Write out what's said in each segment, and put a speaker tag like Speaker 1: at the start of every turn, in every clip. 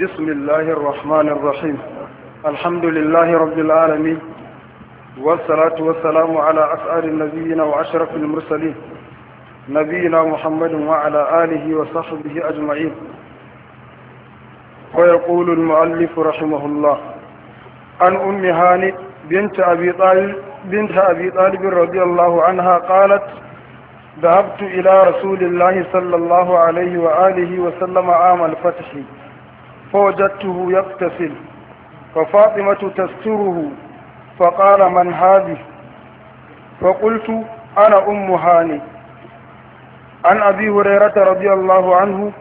Speaker 1: بسم الله الرحمن الرحيم الحمد لله رب العالمين والصلاة والسلام على أسعار النبيين وأشرف المرسلين نبينا محمد وعلى آله وصحبه أجمعين ويقول المؤلف رحمه الله عن أم هاني بنت أبي طالب بنت أبي طالب رضي الله عنها قالت ذهبت إلى رسول الله صلى الله عليه وآله وسلم عام الفتح فوجدته يغتسل ففاطمة تستره فقال من هذه فقلت أنا أم هاني عن أبي هريرة رضي الله عنه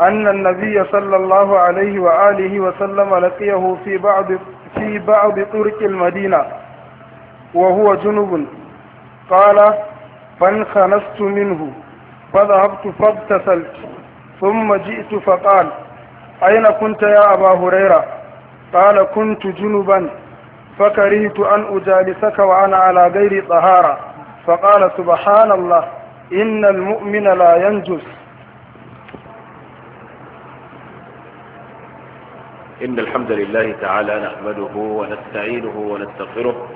Speaker 1: أن النبي صلى الله عليه وآله وسلم لقيه في بعض في بعض طرق المدينة وهو جنب قال فانخنست منه فذهبت فاغتسلت ثم جئت فقال أين كنت يا أبا هريرة قال كنت جنبا فكرهت أن أجالسك وأنا على غير طهارة فقال سبحان الله إن المؤمن لا ينجس
Speaker 2: إن الحمد لله تعالى نحمده ونستعينه ونستغفره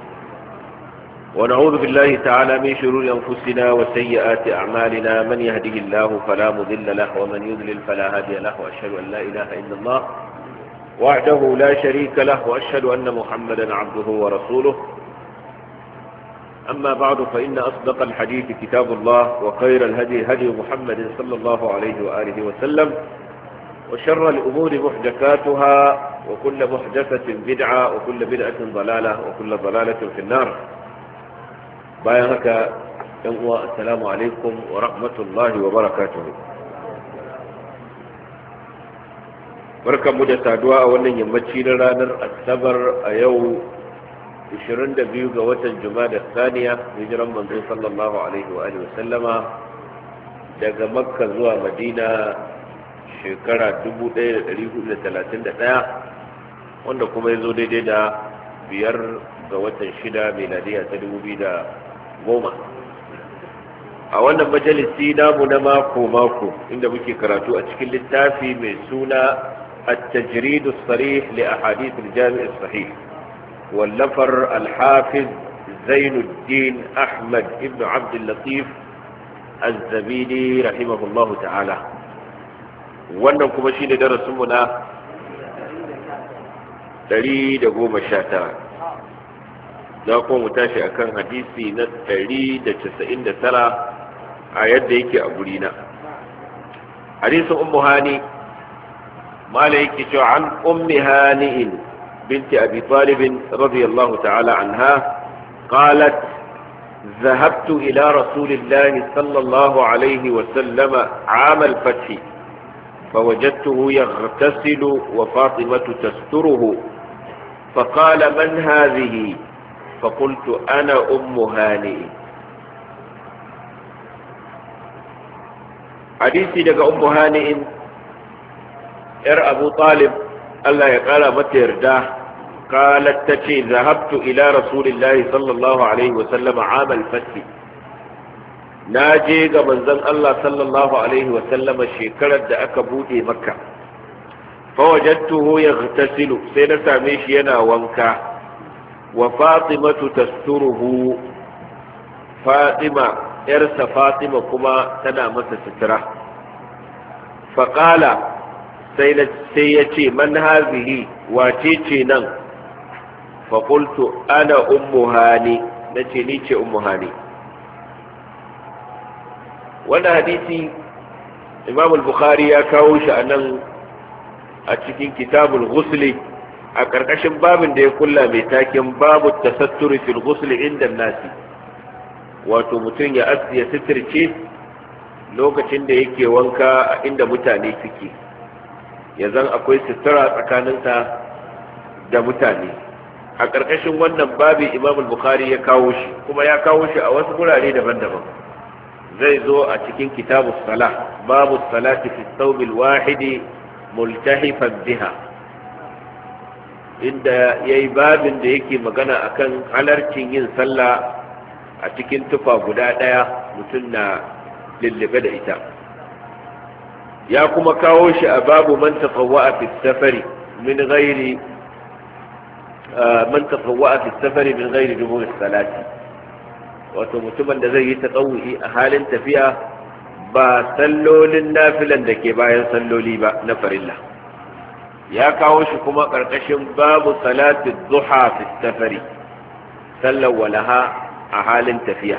Speaker 2: ونعوذ بالله تعالى من شرور أنفسنا وسيئات أعمالنا من يهده الله فلا مذل له ومن يذلل فلا هادي له وأشهد أن لا إله إلا الله وحده لا شريك له وأشهد أن محمدا عبده ورسوله أما بعد فإن أصدق الحديث كتاب الله وخير الهدي هدي محمد صلى الله عليه وآله وسلم وشر الأمور محدثاتها وكل محدثة بدعة وكل بدعة ضلالة وكل ضلالة في النار bayan haka yan uwa assalamu alaikum wa rahmatullahi wa barakatuhu barkanmu da saduwa a wannan yammaci na ranar asabar a yau 22 ga watan jumada saniya hijiran manzo sallallahu alaihi wa alihi wasallama daga makka zuwa madina shekara 1431 wanda kuma ya zo daidai da biyar ga watan shida meladiya ta 2000 a wannan majalisi namu na mako-mako inda muke karatu a cikin littafi mai suna a tajiridu sarih li a hadithin jami'in sahih wallafar alhafiz zainuddin ahmad ibnu abdul latif azzabini rahimahullahu ta'ala wannan kuma shi ne darasinmu na ɗari da goma sha 119 za kuma mu tashi akan hadisi na 199 a yadda yake a gurina hadisin ummu hani mala yake cewa an ummi hani'in binti abi talib radiyallahu ta'ala anha qalat ذهبت إلى رسول الله صلى الله عليه وسلم عام الفتح فوجدته يغتسل وفاطمة تستره فقال من هذه؟ fakultu ana ummu hani hadisi daga ummu hani'in yar abu talib Allah ya kara mata yarda قالت تتي ذهبت إلى رسول الله صلى الله عليه وسلم عام الفتح ناجي من زن الله صلى الله عليه وسلم شكرا دأك بودي مكة فوجدته يغتسل سينة ميشينا وانكا wa fatimatu tasturuhu fatima yarsa fatima kuma tana masa sutura faƙala sai ya ce man wace ce nan faƙultu ana ummuhani na ce ni ce ummuhani wannan hadisi imam al-bukhari ya kawo shi a nan a cikin kitabul ghusli a ƙarƙashin babin da ya kulla mai takin, babu tasatturi fil ghusl inda nasi wato mutum ya ya sitirce lokacin da yake wanka a inda mutane suke ya zan akwai sutura tsakaninsa da mutane a ƙarƙashin wannan babi imamul bukhari ya kawo shi kuma ya kawo shi a wasu gurare daban-daban zai zo a cikin kitabu salah babu salati fi thawbil wahidi multahifan biha inda ya yi babin da yake magana akan halarcin yin sallah a cikin tufa guda ɗaya mutum na lullube da ita ya kuma kawo shi a babu man a min a fitafari min gairi dubu salati wato mutumin da zai yi taƙawuhi a halin tafiya ba sallolin nafilan da ke bayan salloli ba na farilla ya kawo shi kuma ƙarƙashin babu salatu duha fi safari sallar walaha a halin tafiya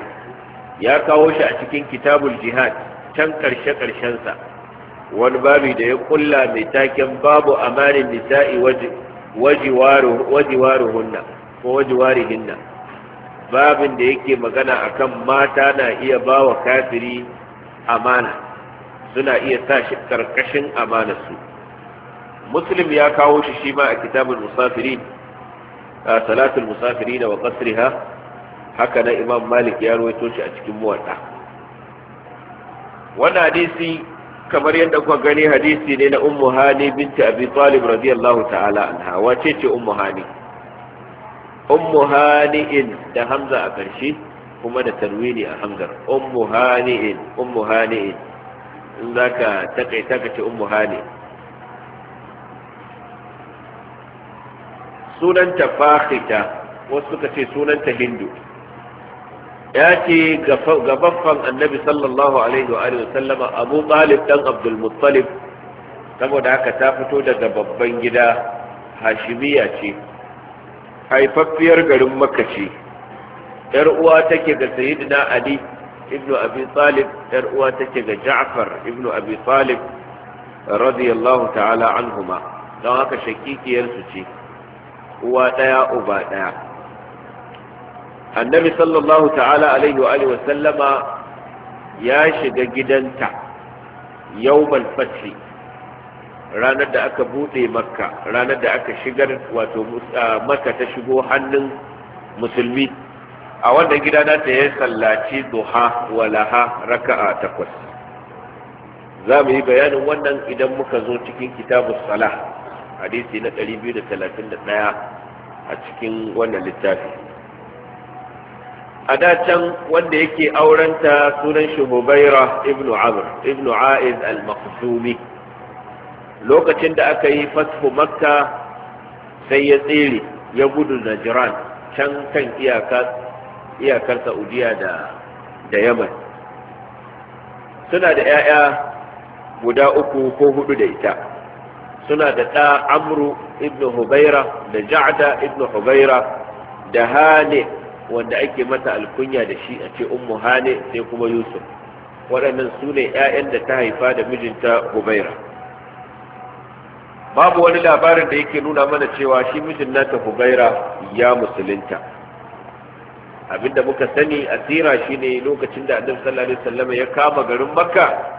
Speaker 2: ya kawo shi a cikin kitabul jihad can ƙarshe ƙarshensa wani babi da ya kulla mai taken babu amanin nisa'i wajiwaruhunna ko wajiwarihinna babin da yake magana akan mata na iya ba wa kafiri amana suna iya sa shi ƙarƙashin amanarsu muslim ya kawo shi shima a kitabul musafirin a salatul musafirin wa qasriha haka na imam malik ya ruwaito shi a cikin muwatta wannan hadisi kamar yadda kuka gani hadisi ne na ummu Binta binti abi talib ta'ala anha wace ce ummu hani da hamza a ƙarshe kuma da tarwini a hamzar ummu hani'in in zaka takaita ka ce ummu hani'in sunanta fakhita wasu suka ce sunanta hindu ya ce ga baffan annabi sallallahu alaihi wa sallama abu talib dan abdul muttalib saboda haka ta fito daga babban gida hashimiya ce haifaffiyar garin makka ce yar uwa take ga sayyidina ali ibnu abi talib yar uwa take ga ja'far ibnu abi talib radiyallahu ta'ala anhuma don haka shakikiyar su ce uwa ɗaya uba ɗaya annabi sallallahu ta'ala alaihi wa alihi sallama ya shiga gidanta yawmal fathi ranar da aka bude makka ranar da aka shigar wato uh, makka ta shigo hannun musulmi a wanda gida ta ya sallaci duha walaha raka'a takwas za mu yi bayanin wannan idan muka zo cikin kitabu salah hadisi na 231 a cikin wannan littafi a da can wanda yake aurenta sunan shi hubaira ibn amr ibn a'iz al makhzumi lokacin da aka yi fasfu makka sai ya tsere ya gudu najiran can kan iyakar saudiya da da yaman suna da 'ya'ya guda uku ko hudu da ita suna da ɗa amru ibn hubaira da ja'da ibn hubaira da hane wanda ake mata alkunya da shi a ce ummu hane sai kuma yusuf waɗannan su ne 'ya'yan da ta haifa da mijinta hubaira babu wani labarin da yake nuna mana cewa shi mijin nata hubaira ya musulunta abinda muka sani asira shine lokacin da annabi sallallahu alaihi wasallam ya kama garin makka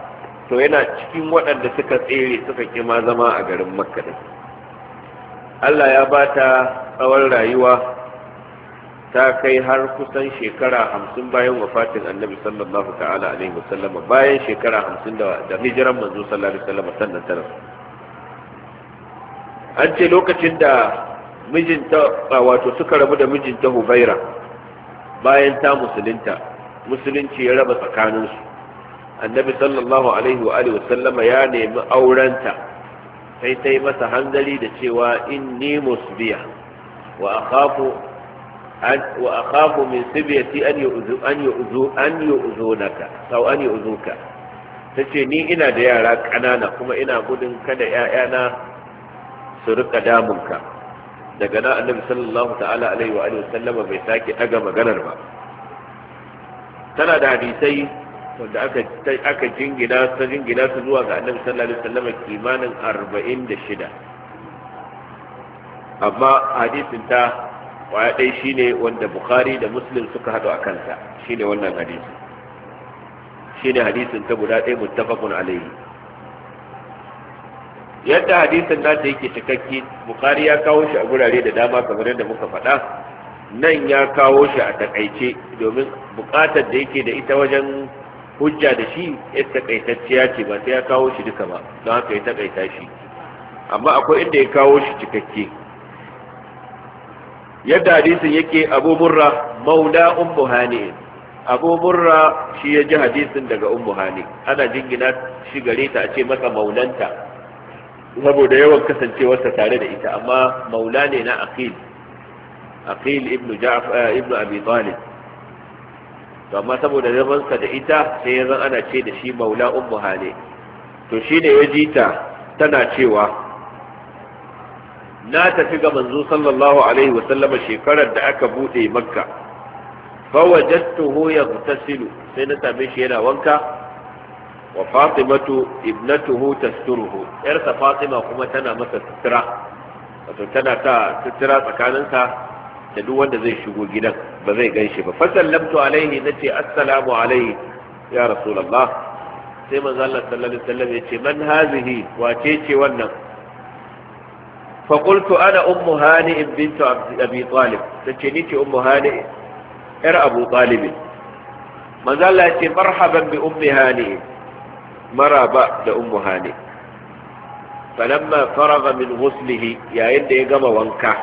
Speaker 2: to yana cikin waɗanda suka tsere suka kima zama a garin makka din Allah ya ba ta tsawon rayuwa ta kai har kusan shekara hamsin bayan wafatin annabi sallallahu ta'ala alaihi wasallama bayan shekara hamsin da hijiran manzo sallallahu alaihi wasallama sannan tara an ce lokacin da mijinta wato suka rabu da mijinta hubaira bayan ta musulunta musulunci ya raba tsakaninsu annabi sallallahu alaihi wa alihi ya nemi aurenta sai ta yi masa hanzari da cewa inni musbiya wa akhafu wa min sibiyati an yu'zu an yu'zu an yu'zunaka an ni ina da yara ƙanana kuma ina gudun kada ƴaƴana su rika ka. daga nan annabi sallallahu ta'ala alaihi wa alihi bai sake daga maganar ba tana da hadisai wanda aka jingina ta jingina ta zuwa ga annabi sallallahu alaihi wasallam kimanin 46 amma hadisin ta waya dai shine wanda bukhari da muslim suka hado a kanta, shine wannan hadisi shine hadisin ta guda ɗaya muttafaqun alaihi yadda hadisin nata yake cikakki Bukhari ya kawo shi a gurare da dama kamar yadda muka faɗa nan ya kawo shi a takaice domin bukatar da yake da ita wajen hujja da shi ya takaitacciya ce ba sai ya kawo shi duka ba don haka ya takaita shi amma akwai inda ya kawo shi cikakke yadda hadisin yake abu burra maula ummu hani abu burra shi ya ji hadisin daga ummu hani ana jingina shi gare ta a ce masa maulanta saboda yawan kasancewarsa tare da ita amma maula ne na aqil aqil ibnu ja'far eh, ibnu abi talib to amma saboda zamansa da ita sai ya zan ana ce da shi maula ummu hali to shine ya ji ta tana cewa na tafi ga manzo sallallahu alaihi wa sallama shekarar da aka bude makka fawajadtuhu yaghtasilu sai na same shi yana wanka wa fatimatu ibnatuhu tasturuhu yarsa fatima kuma tana masa sutura wato tana ta sutura tsakaninsa da duk wanda zai shigo gidan ba zai gan shi ba fasallamtu alaihi na ce assalamu alaihi ya rasulallah sai manzo Allah sallallahu alaihi wasallam ce man hazihi wace ce wannan fa qultu ana ummu hani bint abi talib tace ni ce ummu hani abu talib manzo ce marhaban bi ummi hani maraba da ummu hani falamma faraga yayin da ya gama wanka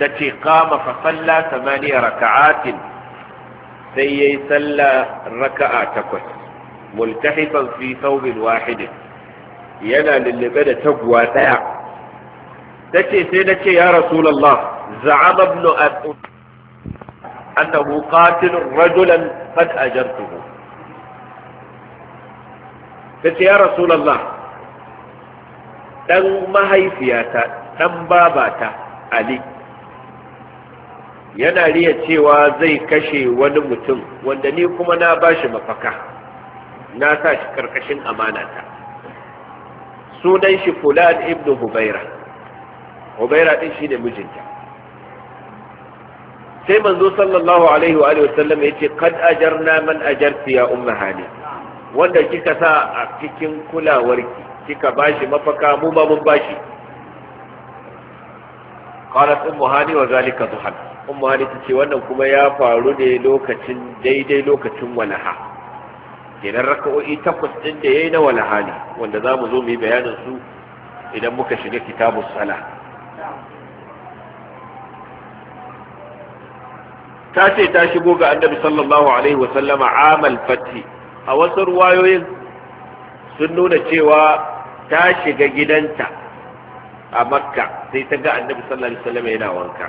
Speaker 2: تتي قام فصلى ثمانية ركعات سي صلى ركعة تقص ملتحفا في ثوب واحد ينا للبدا تقوى تاع تتي سيدتي يا رسول الله زعم ابن أبن أنه قاتل رجلا قد أجرته تتي يا رسول الله تن فياتا تن باباتا علي yana riya cewa zai kashe wani mutum wanda ni kuma na bashi mafaka na sa shi karkashin amanata sunan shi fulan ibnu hubaira hubaira din shine mijinta sai manzo sallallahu alaihi wa sallam yace kad ajarna man ajarti ya umma hani wanda kika sa a cikin kulawarki kika bashi mafaka mu ba mun bashi qalat ummu hani wa zalika duhan ummu ta ce wannan kuma ya faru ne lokacin daidai lokacin walaha kenan raka'o'i takwas din da yayi na walaha ne wanda zamu zo mu yi bayanin su idan muka shiga kitabus sala ta ce ta shigo ga annabi sallallahu alaihi wa sallama amal fati a wasu ruwayoyin sun nuna cewa ta shiga gidanta a makka sai ta ga annabi sallallahu alaihi wa sallama yana wanka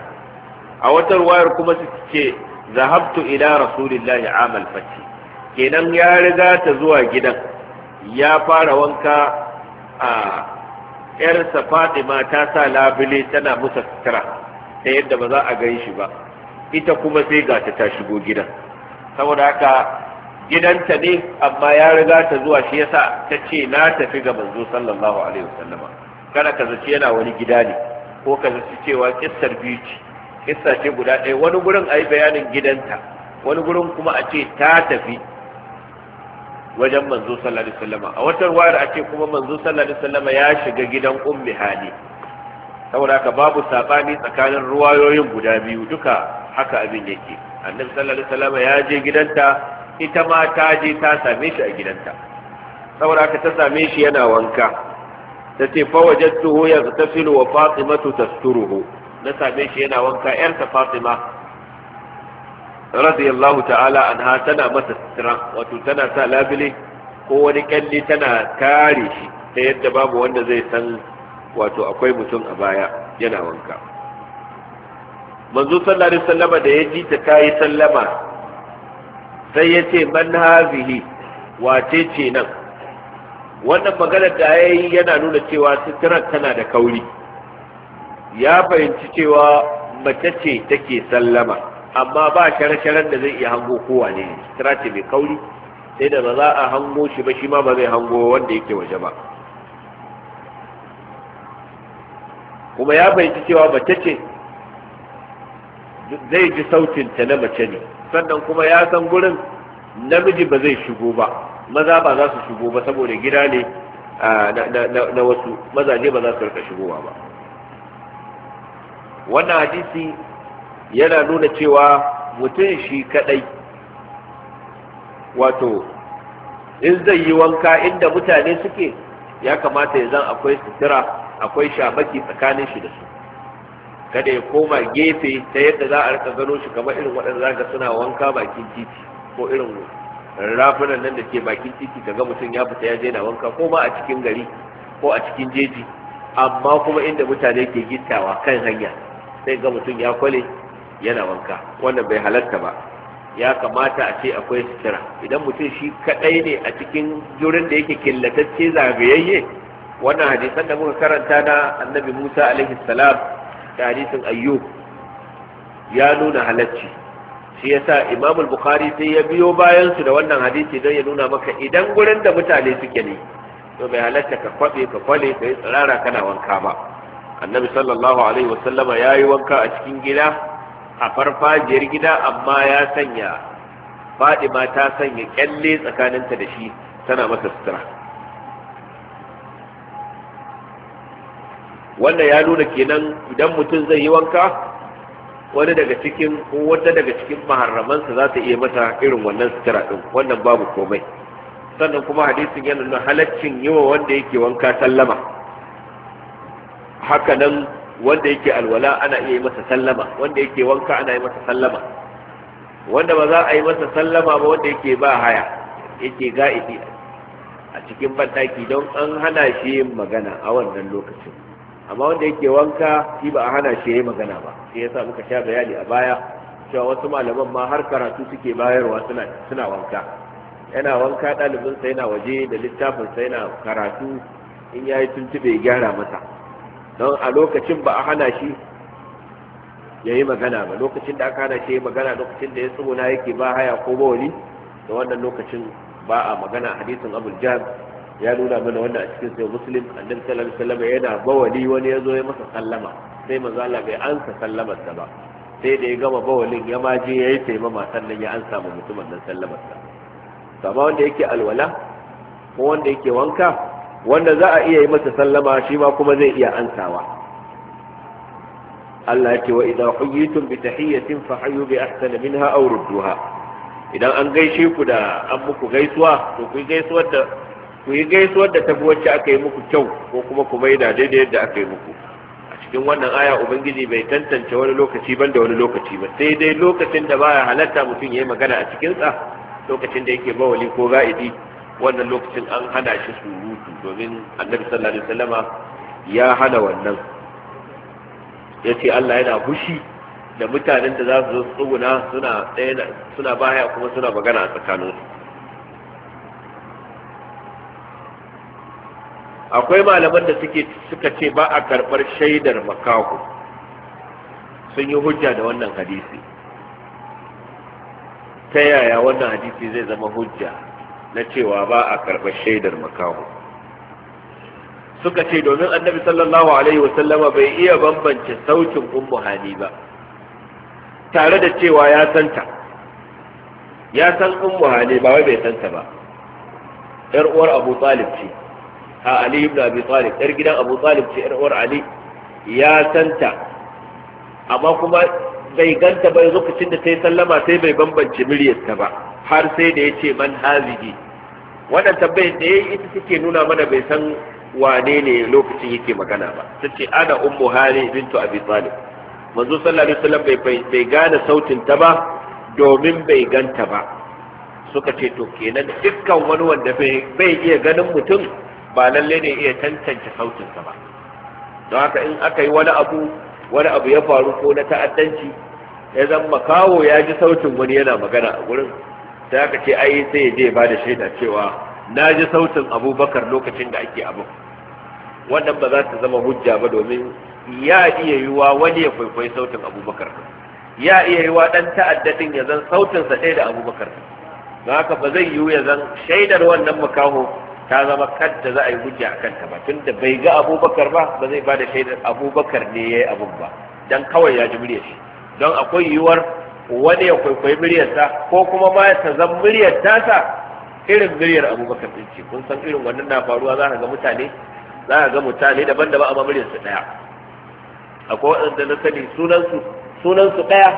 Speaker 2: a wata ruwayar kuma su ce zahabtu ila rasulillahi amal fati kenan ya riga ta zuwa gidan ya fara wanka a yarsa fatima ta sa labule tana musa sutura ta yadda ba za a gan shi ba ita kuma sai ga ta shigo gidan saboda haka gidanta ne amma ya riga ta zuwa shi yasa ta ce na tafi ga manzo sallallahu alaihi wasallama kada ka zaci yana wani gida ne ko ka zaci cewa kissar biyu ce kissa ce guda ɗaya wani gurin a yi bayanin gidanta wani gurin kuma a ce ta tafi wajen manzo sallallahu alaihi wasallama a wata ruwayar a ce kuma manzo sallallahu alaihi wasallama ya shiga gidan ummi hali saboda haka babu sabani tsakanin ruwayoyin guda biyu duka haka abin yake annabi sallallahu alaihi wasallama ya je gidanta ita ma ta je ta same shi a gidanta saboda haka ta same shi yana wanka ta ce fa wajadtuhu yaghtafilu wa fatimatu tasturuhu na same shi yana wanka yarsa fatima radiyallahu ta'ala anha tana masa sutura wato tana sa labile ko wani kyalle tana kare shi ta yadda babu wanda zai san wato akwai mutum a baya yana wanka manzo sallallahu alaihi da ya ji ta tayi sallama sai ya ce man hazihi wace ce nan wannan maganar da ya yi yana nuna cewa suturar tana da kauri ya fahimci cewa mace ce take sallama amma ba share-sharen da zai iya hango kowa ne sutura mai kauri sai da ba za a hango shi ba shi ma ba zai hango wanda yake waje ba kuma ya fahimci cewa mace ce zai ji sautin ta na mace ne sannan kuma ya san gurin namiji ba zai shigo ba maza ba za su shigo ba saboda gida ne na wasu mazaje ba za su rika shigowa ba wannan hadisi yana nuna cewa mutum shi kadai wato in zai yi wanka inda mutane suke ya kamata ya zan akwai sutura akwai shamaki tsakanin shi da su kada ya koma gefe ta yadda za a rika gano shi kamar irin waɗanda zaka suna wanka bakin titi ko irin rafunan nan da ke bakin titi ga mutum ya fita ya je na wanka ko ma a cikin gari ko a cikin jeji amma kuma inda mutane ke gittawa kan hanya sai ga mutum ya kwale yana wanka wannan bai halatta ba ya kamata a ce akwai sutura idan mutum shi kaɗai ne a cikin jurin da yake killatacce zagayayye wannan hadisan da muka karanta na annabi Musa alaihi salam da hadisin ayyub ya nuna halacci shi yasa sa Imamul bukhari sai ya biyo bayansu da wannan hadisi don ya nuna maka idan gurin da mutane suke ne to bai halatta ka kwabe ka kwale ka yi tsirara kana wanka ba annabi sallallahu alaihi wasallama ya yi wanka a cikin gida a farfajiyar gida amma ya sanya fadima ta sanya kyalle tsakaninta da shi tana masa sutura wannan ya nuna kenan idan mutum zai yi wanka wani daga cikin wata daga cikin maharramansa za ta iya mata irin wannan sutura din wannan babu komai sannan kuma hadisin yana nuna halaccin yi wa wanda yake wanka sallama haka nan wanda yake alwala ana iya yi masa sallama wanda yake wanka ana yi masa sallama wanda ba za a yi masa sallama ba wanda yake ba haya yake ga'idi a cikin bandaki don an hana shi yin magana a wannan lokacin amma wanda yake wanka shi ba a hana shi yin magana ba sai yasa muka sha bayani a baya cewa wasu malaman ma har karatu suke bayarwa suna suna wanka yana wanka ɗalibinsa yana waje da littafinsa yana karatu in ya yi ya gyara masa don a lokacin ba a hana shi ya yi magana ba lokacin da aka hana shi ya yi magana lokacin da ya tsuguna yake ba haya ko bawali da wannan lokacin ba a magana hadisin abul jam ya nuna mana wannan a cikin sai muslim annabi sallallahu alaihi wasallam yana bawali wani ya zo ya masa sallama sai manzo Allah bai ansa sallamar sa ba sai da ya gama bawalin ya ma je yayi taimama sannan ya ansa ma mutumin nan sallamar sa amma wanda yake alwala ko wanda yake wanka wanda za a iya yi masa sallama shi ma kuma zai iya ansawa Allah ya ce wa idan huyyitum bi tahiyatin fa hayyu bi ahsani minha aw rudduha idan an gaishe ku da an muku gaisuwa to ku gaisuwar da ku yi gaisuwar da tafi wacce aka yi muku kyau ko kuma ku maida daidai yadda aka yi muku a cikin wannan aya ubangiji bai tantance wani lokaci ban da wani lokaci ba sai dai lokacin da baya halatta mutum ya yi magana a cikinsa lokacin da yake bawali ko ga'idi wannan lokacin an hana shi suru domin annabi sallallahu alaihi wasallama ya hana wannan ya ce Allah yana bushi da mutanen da za su zo tsuguna suna tsaye suna baya kuma suna magana a tsakanin akwai malaman da suke suka ce ba a karɓar shaidar makaho sun yi hujja da wannan hadisi ta yaya wannan hadisi zai zama hujja na cewa ba a karɓar shaidar makaho suka ce domin annabi sallallahu alaihi wasallama bai iya bambance sautin ummu hani ba tare da cewa ya santa ya san ummu hani ba wai bai santa ba yar uwar abu talib ce a ali ibn abi talib yar gidan abu talib ce yar uwar ali ya santa amma kuma bai ganta ba lokacin da ta yi sallama sai bai bambance muryarta ba har sai da ya ce man hazihi wannan tambayar da ya yi ita suke nuna mana bai san wane ne lokacin yake magana ba ta ce ana ummu hali bintu abi talib manzo sallallahu alaihi wasallam bai bai gane sautin ta ba domin bai ganta ba suka ce to kenan dukkan wani wanda bai iya ganin mutum ba lalle ne iya tantance sautinsa ba don haka in aka yi wani abu wani abu ya faru ko na ta'addanci ya zama kawo ya ji sautin wani yana magana a gurin sai aka ce ai sai ya je ba da shaida cewa na ji sautin abubakar lokacin da ake abu wannan ba za ta zama hujja ba domin ya iya yiwa wani ya kwaikwayi sautin abubakar ya iya yiwa dan ta'addadin ya zan sautinsa ɗaya da abubakar don haka ba zai yiwu ya zan shaidar wannan makaho ta zama kadda za a yi hujja a kanta ba tun da bai ga abubakar ba ba zai ba da shaidar abubakar ne ya yi abun ba Don kawai ya ji muryar shi don akwai yiwuwar wani ya kwaikwayi muryarsa ko kuma ma ta zan muryar tasa irin zuriyar abubakar din ce kun san irin wannan na faruwa za ka ga mutane za a ga mutane daban-daban amma muryarsu ɗaya akwai waɗanda na sani sunansu sunansu ɗaya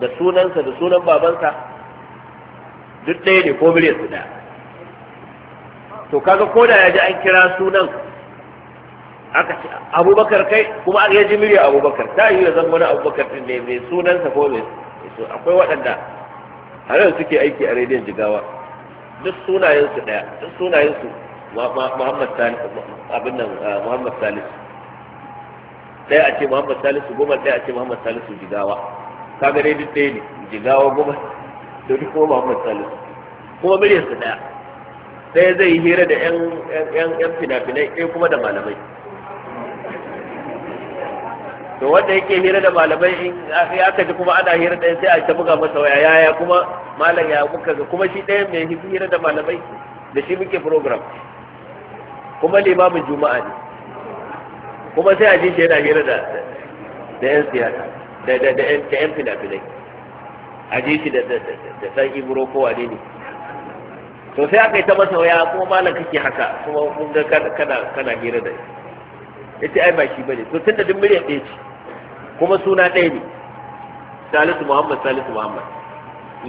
Speaker 2: da sunansa da sunan babansa duk ɗaya ne ko muryarsu ɗaya to kaga ko da ya ji an kira sunan aka ce abubakar kai kuma an yaji murya abubakar ta yi zan wani abubakar ɗin ne mai sunansa ko mai akwai waɗanda har yanzu suke aiki a rediyon jigawa duk sunayensu ɗaya duk sunayensu Muhammad Salisu abin nan ah, Muhammad Salisu ɗaya a ce Muhammad Salisu goma ɗaya a ce Muhammad Salisu jigawa ka ga dai duk dai ne jigawa goma da duk kuma Muhammad Salisu kuma su ɗaya Sai zai yi hira da 'yan fina-finai ɗaya kuma da malamai to wanda yake hira da malamai in aka ji kuma ana hira ɗaya sai a ta buga masa waya yaya kuma malam ya muka ga kuma shi ɗaya mai hira da malamai da shi muke program kuma limamin juma'a ne kuma sai a ji shi yana hira da da yan siyasa da da da da yan fina-finai a ji shi da da da san ibro ko wane ne to sai aka yi ta masa waya kuma malam kake haka kuma kun ga kana kana hira da shi yace ai ba shi bane to tunda duk muryar ɗaya ce kuma suna ɗaya ne salisu muhammad salisu muhammad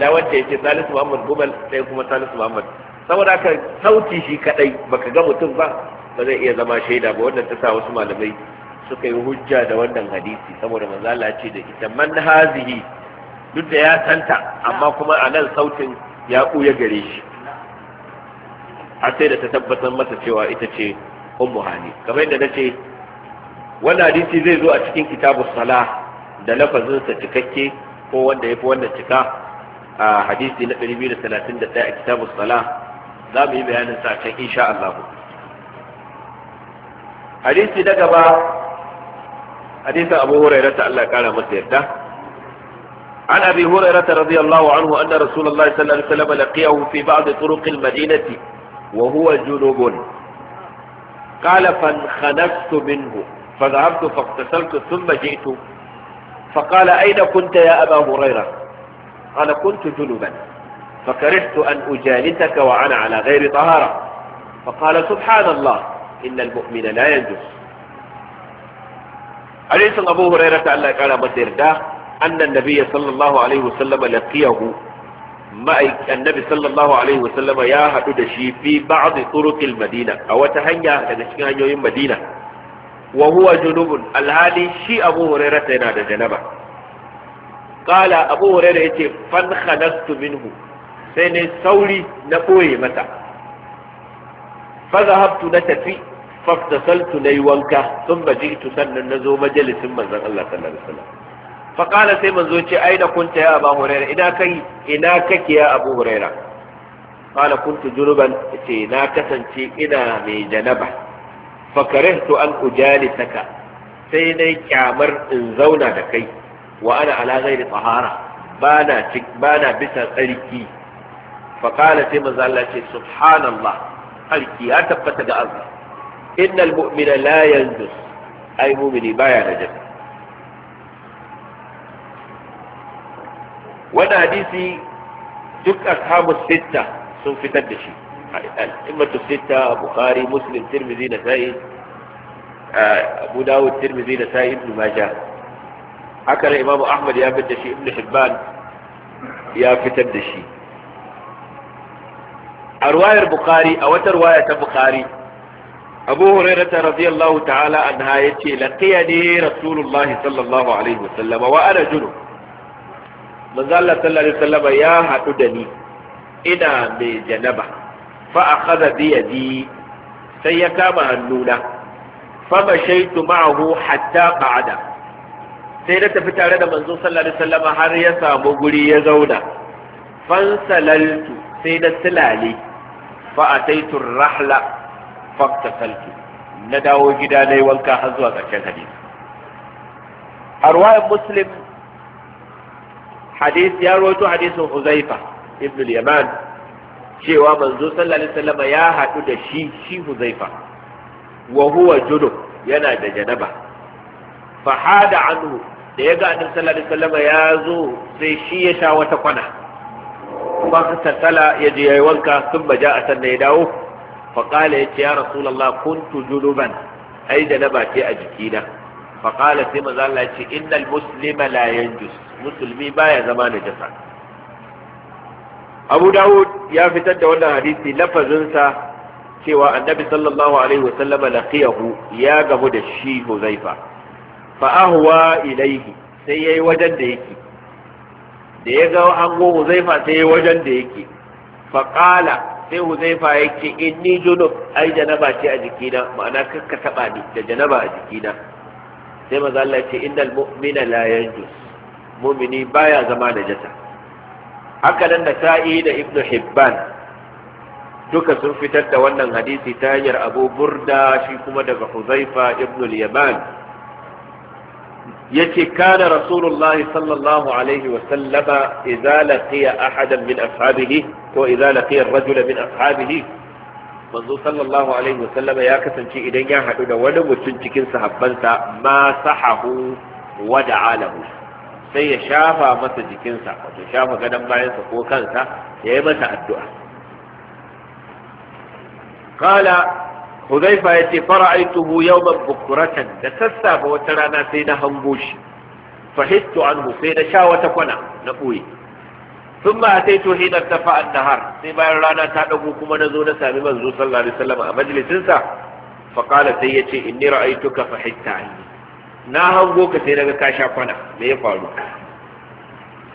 Speaker 2: la wanda yake salisu muhammad gumal ɗaya kuma salisu muhammad saboda aka sauti shi kaɗai baka ga mutum ba ba zai iya zama shaida ba wannan ta sa wasu malamai suka yi hujja da wannan hadisi saboda manzo Allah ya ce da ita man hazihi duk da ya santa amma kuma a nan sautin ya kuya gare shi A sai da ta tabbatar masa cewa ita ce ummu hani kamar yadda nace wannan hadisi zai zo a cikin kitabu sala da lafazinsa cikakke ko wanda ya fi wannan cika a hadisi na 231 a kitabu sala za mu yi bayanin sa can insha Allah hadisi na gaba hadisin Abu Hurairah ta Allah kara masa yarda عن أبي هريرة رضي الله عنه أن رسول الله صلى الله عليه وسلم لقيه في بعض طرق المدينة وهو جنوب قال فانخنقت منه فذهبت فاغتسلت ثم جئت فقال أين كنت يا أبا هريرة قال كنت جنبا فكرهت أن أجالسك وأنا على غير طهارة فقال سبحان الله إن المؤمن لا ينجس اليس أبو هريرة الله قال مدرده أن النبي صلى الله عليه وسلم لقيه النبي صلى الله عليه وسلم يا هدد في بعض طرق المدينة أو تهنيا كدشكي يوم مدينة Wahuwa huwa junubun alhali shi abu hurairah yana da janaba Kala abu hurairah yace fan khalastu sai ne sauri na ɓoye mata fazahabtu na tafi faftasaltu na yi wanka sun bajitu sannan na zo majalisin manzon Allah sallallahu alaihi wasallam faƙala sai manzo ce ai da kunta ya abu huraira ina kai ina kake ya abu huraira qala junuban ce na kasance ina mai janaba fakarihtu an ujalisaka sai dai kyamar in zauna da kai wa ana ala ghairi tahara bana na bisa tsarki fa qala sai manzo Allah ce subhanallah tsarki ya tabbata ga Allah innal mu'mina la yanjus ai mu'mini baya jaka. wannan hadisi duk ashabu sitta sun fitar da shi الأئمة الستة بخاري مسلم ترمذي نسائي أبو داود ترمذي نسائي ابن ماجه haka na imamu ahmad ya fitar da shi ibn ya fitar da shi a ruwayar bukari a wata ruwaya ta bukari abu hurairata radiyallahu ta'ala anha yace laqiya ni rasulullah sallallahu alaihi wasallam wa ana junub manzo Allah ya haɗu da ni ina mai janaba فأخذ بيدي سيكام هنونا فمشيت معه حتى قعد سيدة فتارة منزو صلى الله عليه وسلم هريسا مغري يزونا فانسللت سيدة سلالي فأتيت الرحلة فاقتسلت نداو جداني والكا حزوة كان حديث أرواء مسلم حديث يا رويتو حديث حذيفة ابن اليمان cewa manzo sallallahu alaihi wasallam ya haɗu da shi shi huzaifa wa huwa junub yana da janaba fa hada anhu da ya ga annabi sallallahu alaihi wasallam ya zo sai shi ya sha wata kwana fa ya je yayi wanka sun baja a sannan ya dawo fa qala ya ce ya rasulullah kuntu junuban ai janaba ce a jikina fa qala sai manzo Allah ya ce innal muslima la yanjus musulmi baya zama jasa. abu dawud ya fitar da wannan hadisi lafazinsa cewa annabi sallallahu alaihi wasallama laqiyahu ya gamu da shi huzaifa fa ahwa ilaihi sai yayi wajen da yake da ya ga hango huzaifa sai yayi wajen da yake fa qala sai huzaifa yake inni junub ai janaba ce a jikina ma'ana kakka taba ni da janaba a jikina sai maza Allah ya ce innal mu'mina la yanjus mu'mini baya zama da jata. haka nan nasa'i da ibnu hibban duka sun fitar da wannan hadisi ta hanyar abu burda shi kuma daga huzaifa ibnu yaman yace kana rasulullah sallallahu alaihi wa sallama idza laqiya ahadan min ashabihi ko idza laqiya ar-rajula min ashabihi manzo sallallahu alaihi wa sallama ya kasance idan ya hadu da wani mutum cikin sahabbansa ma sahahu wa da'alahu sai ya shafa masa jikinsa wato shafa gadon bayansa ko kansa ya yi masa addu'a kala huzaifa ya ce yau yawman bukuratan da sassafa wata rana sai na hango shi Fahimtu an sai na sha wata kwana na ɓoye sun ba sai to hina ta fa'an nahar sai bayan rana ta ɗago kuma na zo na sami manzo sallallahu alaihi wasallam a majalisinsa faƙala sai ya ce inni ra'aituka fahimta anni na hango ka sai daga ka sha kwana me ya faru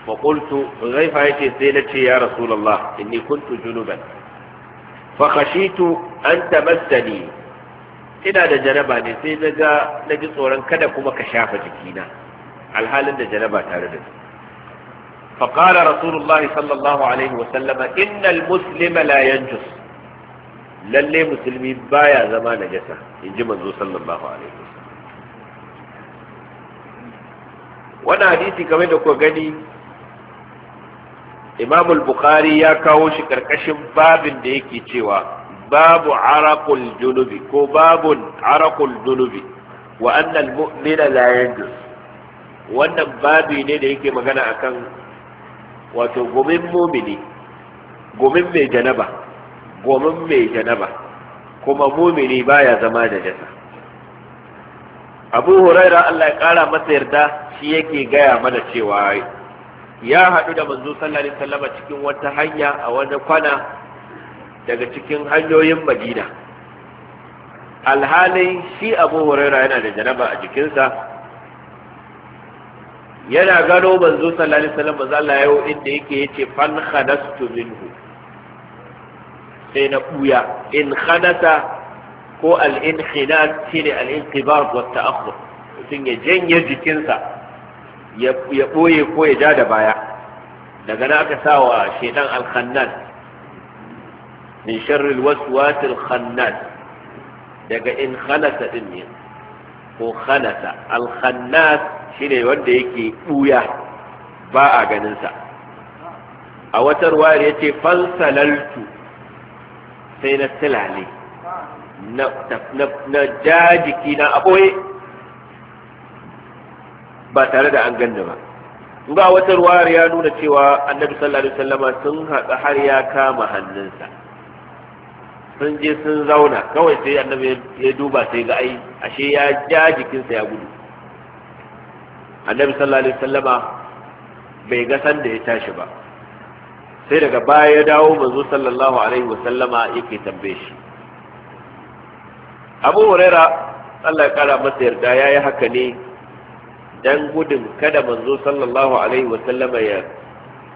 Speaker 2: fa qultu ghaifa yace sai na ce ya rasulullah inni kuntu junuban fa khashitu an tamassani ina da jaraba ne sai daga na ji tsoron kada kuma ka shafa jikina alhalin da jaraba tare da ni فقال رسول الله صلى الله عليه وسلم إن المسلم لا ينجس للي مسلمين بايا زمان جسا إن جمزه صلى الله عليه وسلم Wani hadisi kamar da ku gani imam al-bukhari ya kawo shi karkashin babin da yake cewa babu arakul junubi ko babun arakul junubi wa annal mumina la yanjus wannan babi ne da yake magana akan wato gumin mumini gumin mai janaba gumin mai janaba kuma mumini baya zama da jasa abu huraira Allah ya kara masa yarda shi yake gaya mana cewa ya haɗu da manzo sallallahu alaihi wasallam cikin wata hanya a wani kwana daga cikin hanyoyin madina alhalin shi abu huraira yana da janaba a jikinsa yana gano manzo sallallahu alaihi wasallam manzo Allah yau inda yake yace fan khadastu minhu sai na buya in khanata ko al-inqilab shine al-inqibad wa ta'akhur mutum ya janye jikinsa ya ɓoye ko ya ja da baya daga na aka sa wa shaidan al-khannas min sharri al-waswas al-khannas daga in khalasa din ne ko khalasa al-khannas shine wanda yake buya ba a ganin sa a wata ruwayar yace fansalaltu sai na tilale na ja jiki na a ɓoye ba tare da an ganni ba ga wata ruwayar ya nuna cewa annabi sallallahu alaihi wasallama sun haɗa har ya kama hannunsa sun je sun zauna kawai sai annabi ya duba sai ga ai ashe ya ja jikinsa ya gudu annabi sallallahu alaihi wasallama bai ga sanda ya tashi ba sai daga baya ya dawo manzo sallallahu alaihi wasallama yake tambaye shi abu huraira allah ya kara masa yarda ya yi haka ne don gudun kada manzo sallallahu alaihi wasallama ya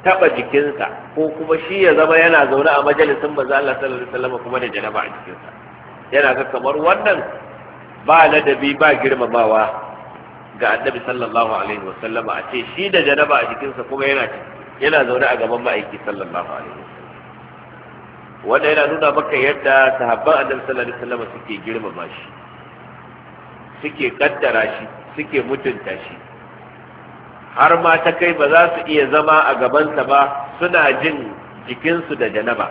Speaker 2: taba jikinsa ko kuma shi ya zama yana zaune a majalisin manzo allah sallallahu alaihi wasallama kuma da janaba a jikinsa yana ga kamar wannan ba ladabi ba girmamawa ga annabi sallallahu alaihi wasallama a ce shi da janaba a jikinsa kuma yana yana zaune a gaban ma'aiki sallallahu alaihi wanda yana nuna maka yadda sahabban annabi sallallahu alaihi wasallam suke girmama shi suke kaddara shi suke mutunta shi har ma ta kai ba za su iya zama a gabansa ba suna jin jikinsu da janaba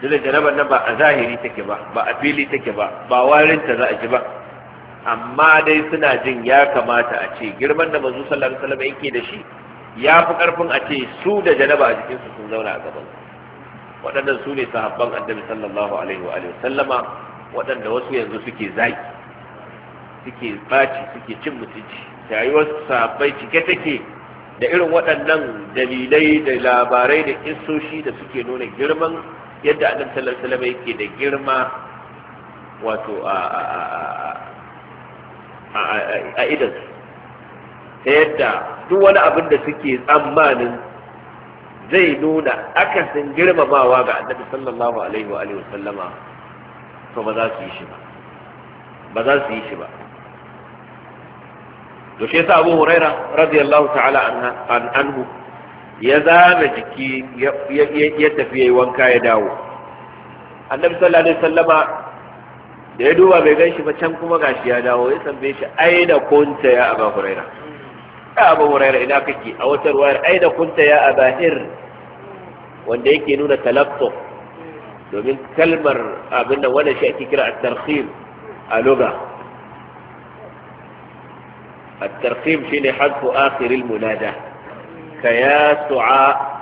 Speaker 2: da janaba nan ba a zahiri take ba ba a fili take ba ba warinta za a ji ba amma dai suna jin ya kamata a ce girman da manzo sallallahu alaihi wasallam yake da shi ya fi karfin a ce su da janaba a jikinsu sun zauna a gabansa waɗannan su ne sahabban annabi sallallahu alaihi wa sallama waɗanda wasu yanzu suke zaki suke baci suke cin mutunci rayuwar sahabbai cike take da irin waɗannan dalilai da labarai da kissoshi da suke nuna girman yadda annabi sallallahu alaihi wasallam yake da girma wato a a idan ta yadda duk wani abin da suke tsammanin zai nuna akasin girmamawa ga annabi sallallahu alaihi wa alihi sallama to ba za su yi shi ba ba za su yi shi ba to shi yasa Abu Huraira radiyallahu ta'ala an anhu ya zame jiki ya tafi yayi wanka ya dawo annabi sallallahu alaihi sallama da ya duba bai gan shi ba can kuma gashi ya dawo ya tambaye shi aina kunta ya Abu Huraira يا أبو هريرة إذا كنت أو تروير أين كنت يا أبا هر وإنك نون تلبطه ومن كلمة أبنى ولا شيء تكرع الترخيم ألوغا الترخيم في حذف آخر المنادة كيا سعاء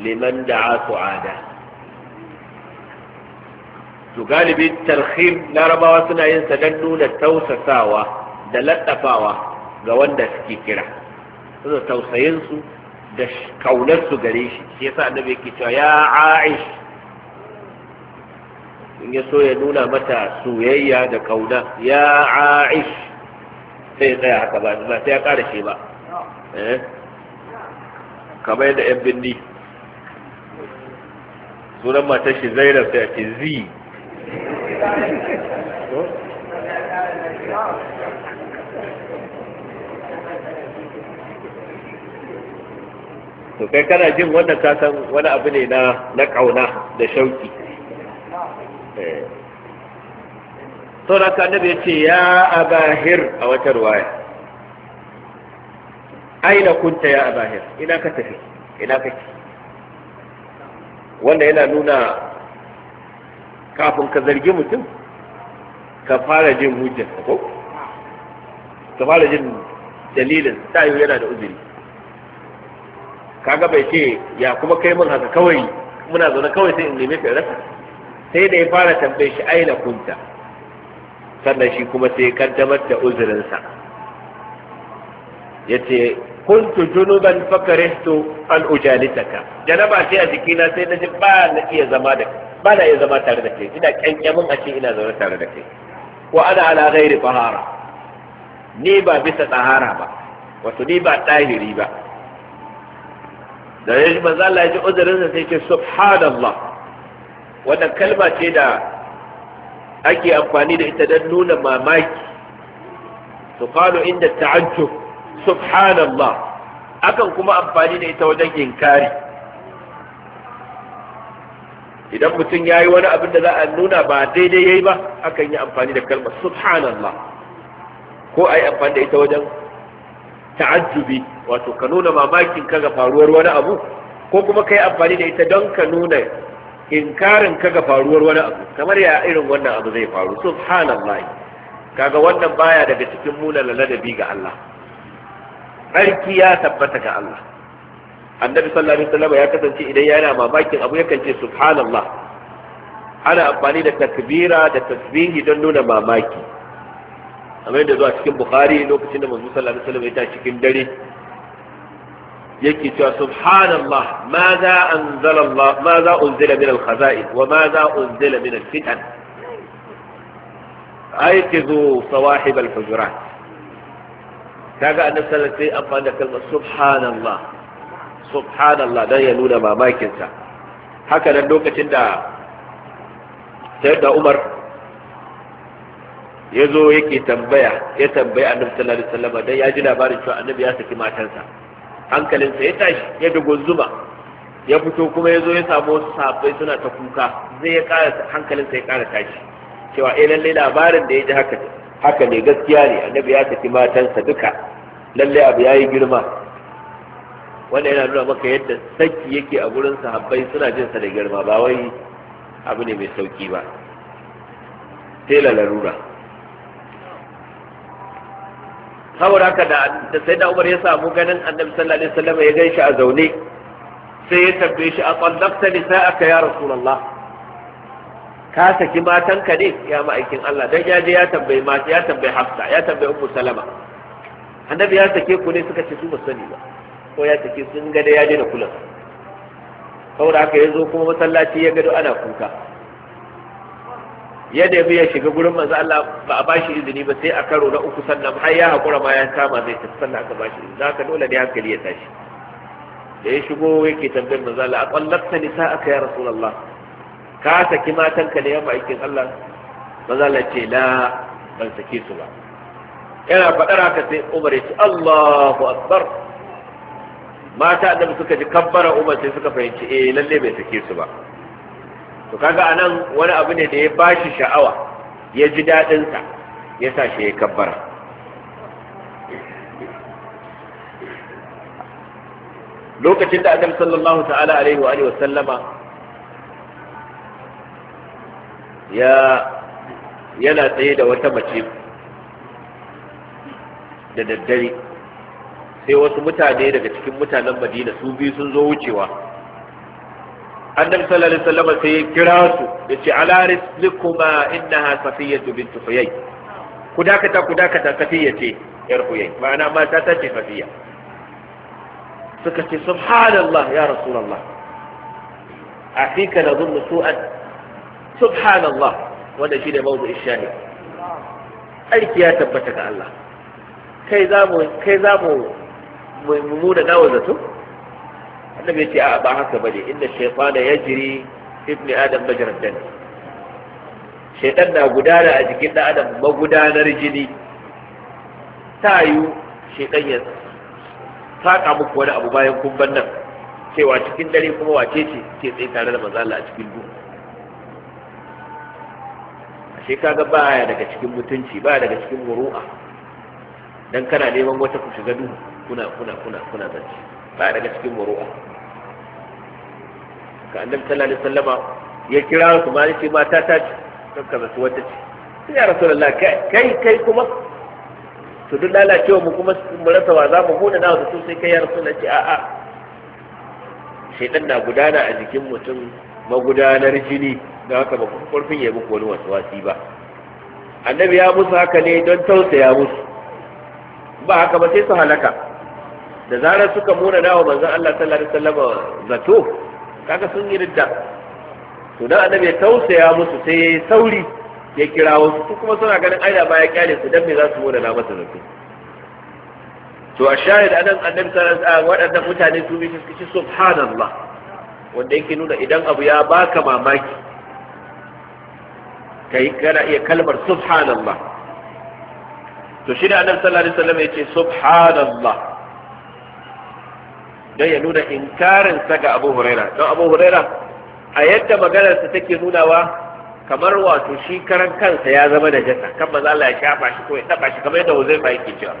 Speaker 2: لمن دعا سعادة تغالب الترخيم لا ربا وسنا ينسى جنون التوسساوة دلت أفاوة جواند سكي كره da tausayinsu da kaunarsu gare shi shi yasa annabi yake cewa ya aish in ya so ya nuna mata soyayya da kauna ya aish sai ya tsaya haka ba ba sai ya kara shi ba eh? kamar yadda yan bindi sunan matar shi zainab sai ce zi to kai kana jin wannan ka san wani abu ne na na kauna da shauki eh. to da ka annabi ya ce ya abahir a wata ruwaya aina kunta ya abahir ina ka tafi ina kake wanda yana nuna kafin ka zargi mutum ka fara jin hujjar ko ka fara jin dalilin ta yana da uzuri kaga bai ce ya kuma kai min haka kawai muna zaune kawai sai in neme ka rasa sai da ya fara tambaye shi aina kunta sannan shi kuma sai kaddamar da uzurinsa ya ce kuntu junuban fakarehtu an ujalitaka janaba sai a jikina sai na ji ba na iya zama da ba na iya zama tare da kai ina kyankyamin a ce ina zaune tare da kai wa ana ala ghairi fahara ni ba bisa tsahara ba wato ni ba ɗahiri ba da ya ji manzo Allah ya ji uzurinsa sai ce subhanallah wanda kalma ce da ake amfani da ita don nuna mamaki tuqalu inda ta'ajjub subhanallah akan kuma amfani da ita wajen inkari idan mutum ya yi wani abin da za a nuna ba daidai ya yi ba akan yi amfani da kalmar subhanallah ko a yi amfani da ita wajen ta'ajjubi wato ka nuna mamakin ka ga faruwar wani abu ko kuma kai amfani da ita don ka nuna inkarin ka ga faruwar wani abu kamar ya irin wannan abu zai faru subhanallahi kaga wannan baya daga cikin munan ladabi ga Allah tsarki ya tabbata ga Allah annabi sallallahu alaihi wasallam ya kasance idan yana mamakin abu ya ce subhanallah ana amfani da takbira da tasbihi don nuna mamaki kamar yadda zuwa cikin bukhari lokacin da manzo sallallahu alaihi wasallam ya ta cikin dare yake cewa subhanallah ma za anzala Allah ma za unzila min al-khaza'in wa ma za unzila min al-fitan aykizu sawahib al-hujurat kaga annabi sallallahu alaihi wasallam amfani da kalmar subhanallah subhanallah dan ya nuna mamakin sa haka nan lokacin da sayyidina Umar ya zo yake tambaya ya tambayi annabi sallallahu alaihi wasallam dan ya ji labarin cewa annabi ya saki matansa hankalinsa ya tashi ya gunzuma ya fito kuma ya zo ya samu wasu sahabbai suna ta kuka zai ya ƙara hankalinsa ya ƙara tashi cewa eh lallai labarin da ya ji haka haka ne gaskiya ne annabi ya saki matansa duka lallai abu yayi girma wanda yana nuna maka yadda saki yake a gurin sahabbai suna jin sa da girma ba wai abu ne mai sauki ba sai la larura saboda haka da sai da umar ya samu ganin annabi sallallahu alaihi wasallam ya ganshi a zaune sai ya tambaye shi a sai aka ya rasulullah ka saki matanka ne ya ma'aikin Allah dan ya je ya tambaye mata ya tambaye Hafsa ya tambaye Ummu Salama annabi ya sake ku ne suka ce su ba sani ba ko ya sake sun ga da ya je da kula saboda haka ya zo kuma masallaci ya gado ana kuka ya nemi ya shiga gurin manzo Allah ba a bashi izini ba sai a karo na uku sannan har ya hakura ma ya kama zai tafi sannan aka bashi izini haka dole ne hankali ya tashi da ya shigo yake tambayar manzo Allah aqallaqta nisa'aka ya rasulullah ka saki matanka ne ya aikin Allah manzo Allah ce la ban saki su ba yana faɗar haka sai Umar ya ce Allahu akbar mata annabi suka ji kabbara Umar sai suka fahimci eh lalle bai saki su ba to kaga anan wani abu ne da ya bashi sha'awa ya ji daɗinsa ya sa shi ya kabbara lokacin da adam sallallahu ta'ala alaihi wa sallama ya yana tsaye da wata mace da daddare sai wasu mutane daga cikin mutanen madina su biyu sun zo wucewa annabi sallallahu alaihi wasallam sai ya kira su yace ala rislikuma innaha safiyatu bint huyay ku dakata ku dakata safiya ce yar huyay ma'ana mata ta ce safiya suka ce subhanallah ya rasulullah afika nadhunnu su'an subhanallah wanda shi ne mawdu'in shahid aiki ya tabbata ga Allah kai za mu kai za mu mu da nawa zato annabi bai ce a ba haka bane inda shaytana yajri ibn adam majrad dam shaytan na gudana a jikin dan adam magudanar jini ta yu shaytan ya saka muku wani abu bayan kun ban nan cewa cikin dare kuma wace ce ke tsaye tare da mazala a cikin duhu ashe kaga baya daga cikin mutunci baya daga cikin muru'a dan kana neman wata ku shiga duhu kuna kuna kuna kuna zance ba daga cikin muru'a ka annabi sallallahu alaihi wasallama ya kira su ma ce mata ta ci kanka da su wata Sai ya rasulullah kai kai kuma su duk lalacewa mu kuma mu rasa wa za mu huna na su sai kai ya rasulullah ce a'a shaidan na gudana a jikin mutum magudanar jini da haka ba kurfin ya muku wani wasu wasi ba annabi ya musu haka ne don tausaya musu ba haka ba sai su halaka da zarar suka muna nawa manzon Allah sallallahu alaihi wasallam zato kaga sun yi ridda to dan annabi ya tausaya musu sai yayi sauri ya kira wasu, su kuma suna ganin aida ba ya kyale su dan me za su muna na masa zato to a shahid anan annabi sallallahu alaihi wasallam waɗannan mutane su bi su ce subhanallah wanda yake nuna idan abu ya baka mamaki kai kana iya kalmar subhanallah to shi da annabi sallallahu alaihi wasallam ya ce subhanallah don ya nuna inkarinsa ga abu huraira don abu huraira a yadda maganarsa take nunawa kamar wato shi karan kansa ya zama da jasa kan maza Allah ya shafa shi ko ya taba shi kamar yadda ba yake cewa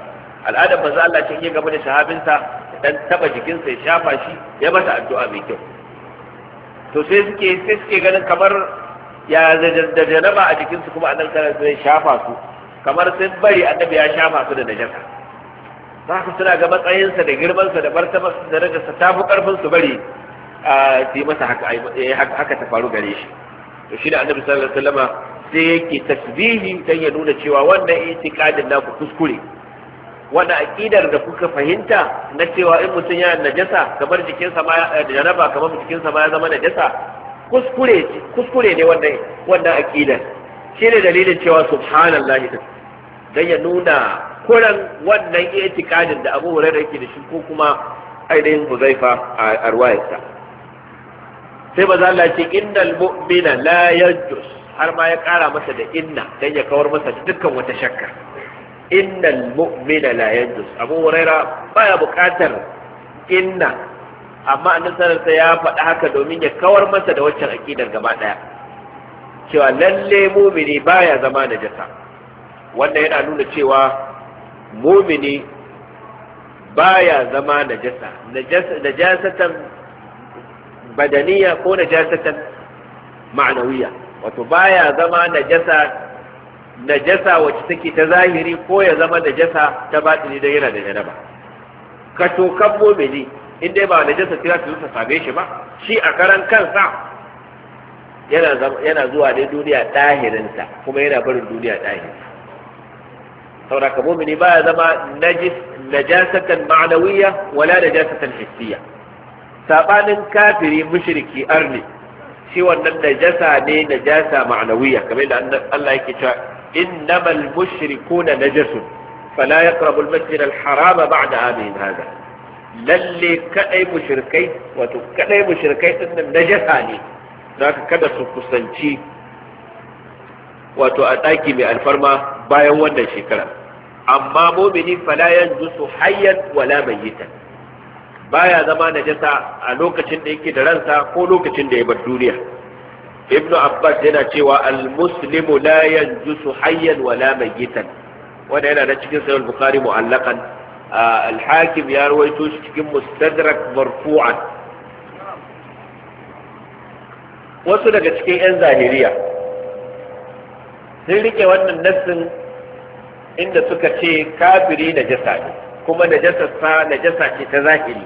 Speaker 2: al'adar maza Allah ce yin gaba da shahabinsa dan taba jikinsa ya shafa shi ya masa addu'a mai kyau to sai suke sai suke ganin kamar ya da janaba a jikinsu kuma annabi sai ya shafa su kamar sai bari annabi ya shafa su da najasa za su suna ga matsayinsa da girmansa da martabarsa da rajarsa ta fi karfin su bari a yi masa haka ta faru gare shi to shi da annabi sallallahu alaihi wasallam sai yake tasbihi dan ya nuna cewa wannan itikadin na ku kuskure wannan aqidar da kuka fahimta na cewa in mutum yana najasa kamar jikinsa ma ya eh, janaba kamar jikinsa ma ya zama najasa kuskure kuskure ne wannan wannan aqidar shine dalilin cewa subhanallahi dan ya nuna kuran wannan itikadin da abu hurairah yake da shi ko kuma ainihin huzaifa a arwayarsa sai ba za ce innal mu'mina la yajus har ma ya kara masa da inna dan ya kawar masa dukkan wata shakka innal mu'mina la yajus abu hurairah baya bukatar inna amma annabi sai ya faɗi haka domin ya kawar masa da waccan akidar gaba daya cewa lalle mu'mini baya zama jasa wannan yana nuna cewa mumini baya zama najasa najasatan badaniya ko najasatan ma'anawiya wato baya zama najasa najasa wacce take ta zahiri ko ya zama najasa ta batini dan yana da janaba ka tokan mumini in dai ba najasa tira su ta same shi ba shi a karan kansa yana zuwa ne duniya ɗahirinsa kuma yana barin duniya ɗahirinsa saboda ka mumini baya zama najis najasatan ma'anawiyya wala najasatan hissiyya sabanin kafiri mushriki arni shi wannan najasa ne najasa ma'anawiyya kamar da Allah yake cewa innamal mushrikuna najasun fala yaqrabu al-masjid al-harama ba'da amin hada lalle kadai mushrikai wato kadai mushrikai din nan najasa ne zaka kada su kusanci wato a daki mai alfarma bayan wannan shekara amma mumini fala yanjusu hayyan wala mayyitan baya zama najasa a lokacin da yake da ransa ko lokacin da ya bar duniya ibnu abbas yana cewa Al-Muslimu la yanjusu hayyan wala mayyitan wanda yana da cikin sahih bukhari mu'allaqan al-hakim ya rawaito shi cikin mustadrak marfu'an wasu daga cikin yan zahiriya sun rike wannan nassin inda suka ce kafiri najasa ne kuma na najasa ce ta zahiri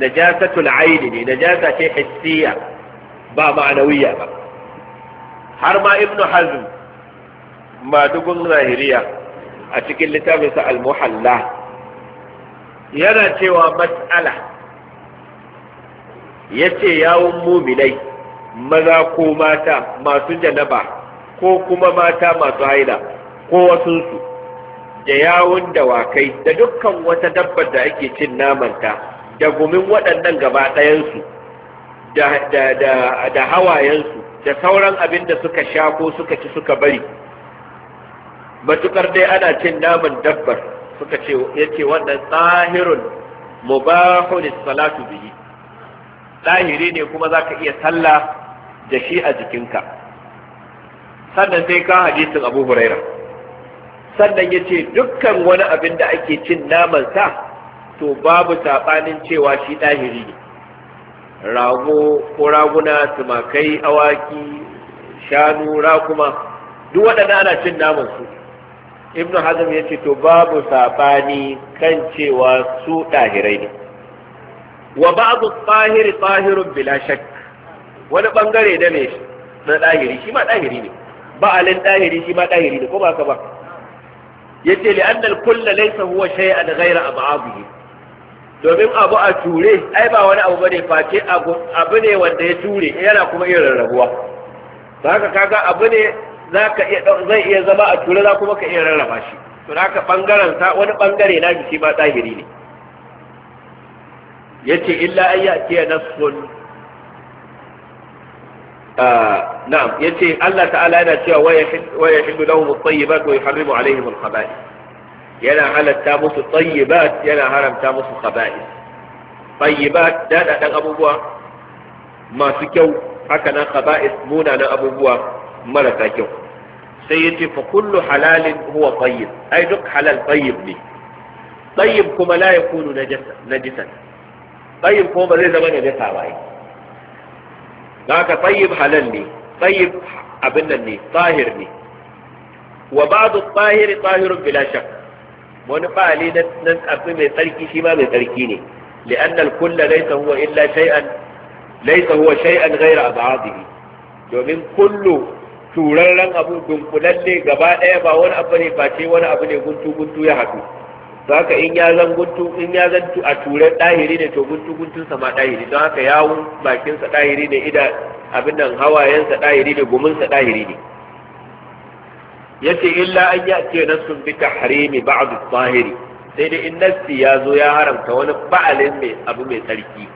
Speaker 2: najasatul aini ne najasa ce hissiya ba ma'anawiya ba har ma ibnu hazm madugun zahiriya a cikin littafinsa al-muhalla yana cewa mas'ala yace yawun muminai maza ko mata masu janaba ko kuma mata masu haida ko wasunsu da yawun dawakai da dukkan wata dabbar da ake cin namanta da gumin waɗannan gaba ɗayansu da hawayensu da sauran abin da suka sha ko suka ci suka bari matukar dai ana cin naman dabbar suka ce yace wannan tsahirun mubahun salatu bihi tsahiri ne kuma zaka iya sallah da shi a jikinka sannan sai ka hadisin Abu Hurairah sannan ya ce dukkan wani abin da ake cin namansa to babu saɓanin cewa shi ɗahiri ne rago ko raguna tumakai awaki shanu rakuma duk waɗanda ana cin namansu ibn hazm ya ce to babu saɓani kan cewa su ɗahirai ne wa babu tsahiri tsahirun bila shak wani ɓangare da ne na ɗahiri shi ma ɗahiri ne ba'alin ɗahiri shi ma ɗahiri ne ko ba ka ba yace li annal kullu laysa huwa shay'an ghayra ab'abihi domin abu a ture ai ba wani abu bane face abu abu ne wanda ya ture yana kuma iya rarrabuwa haka kaga abu ne zaka iya zai iya zama a ture za kuma ka iya rarraba shi to haka bangaren sa wani bangare na shi ba zahiri ne yace illa ayya tiya nasun na'am yace Allah ta'ala yana cewa wa yahillu lahum at-tayyibat wa halatta musu tayyibat yana haramta musu khaba'ith tayyibat da abubuwa masu kyau haka nan khaba'ith munanan abubuwa marasa kyau sai yace fa kullu halalin huwa tayyib ai duk halal tayyib ne tayyib kuma la yakunu najasa najisan tayyib ba zai zama najasa ba da haka tsayib halal ne tsayib abin nan ne tsahir ne wa ba'du tahiri tahirun bila shak wani fa'ali na tsarki mai tsarki shi ma mai tsarki ne li'anna al-kulla laysa huwa illa shay'an laysa huwa shay'an ghayra ba'dihi domin kullu turarren abu dunkulalle gaba daya ba wani abu ne face wani abu ne guntu guntu ya haɗu to haka in ya zan guntu in ya zan a turar ɗahiri ne to guntu guntun sa ma ɗahiri don haka yawo bakin sa ɗahiri ne ida abin nan hawayen sa ɗahiri ne gumin sa ɗahiri ne yace illa an ya ce nasun bi tahrimi ba'd zahiri sai dai in nassi ya zo ya haramta wani ba'alin mai abu mai tsarki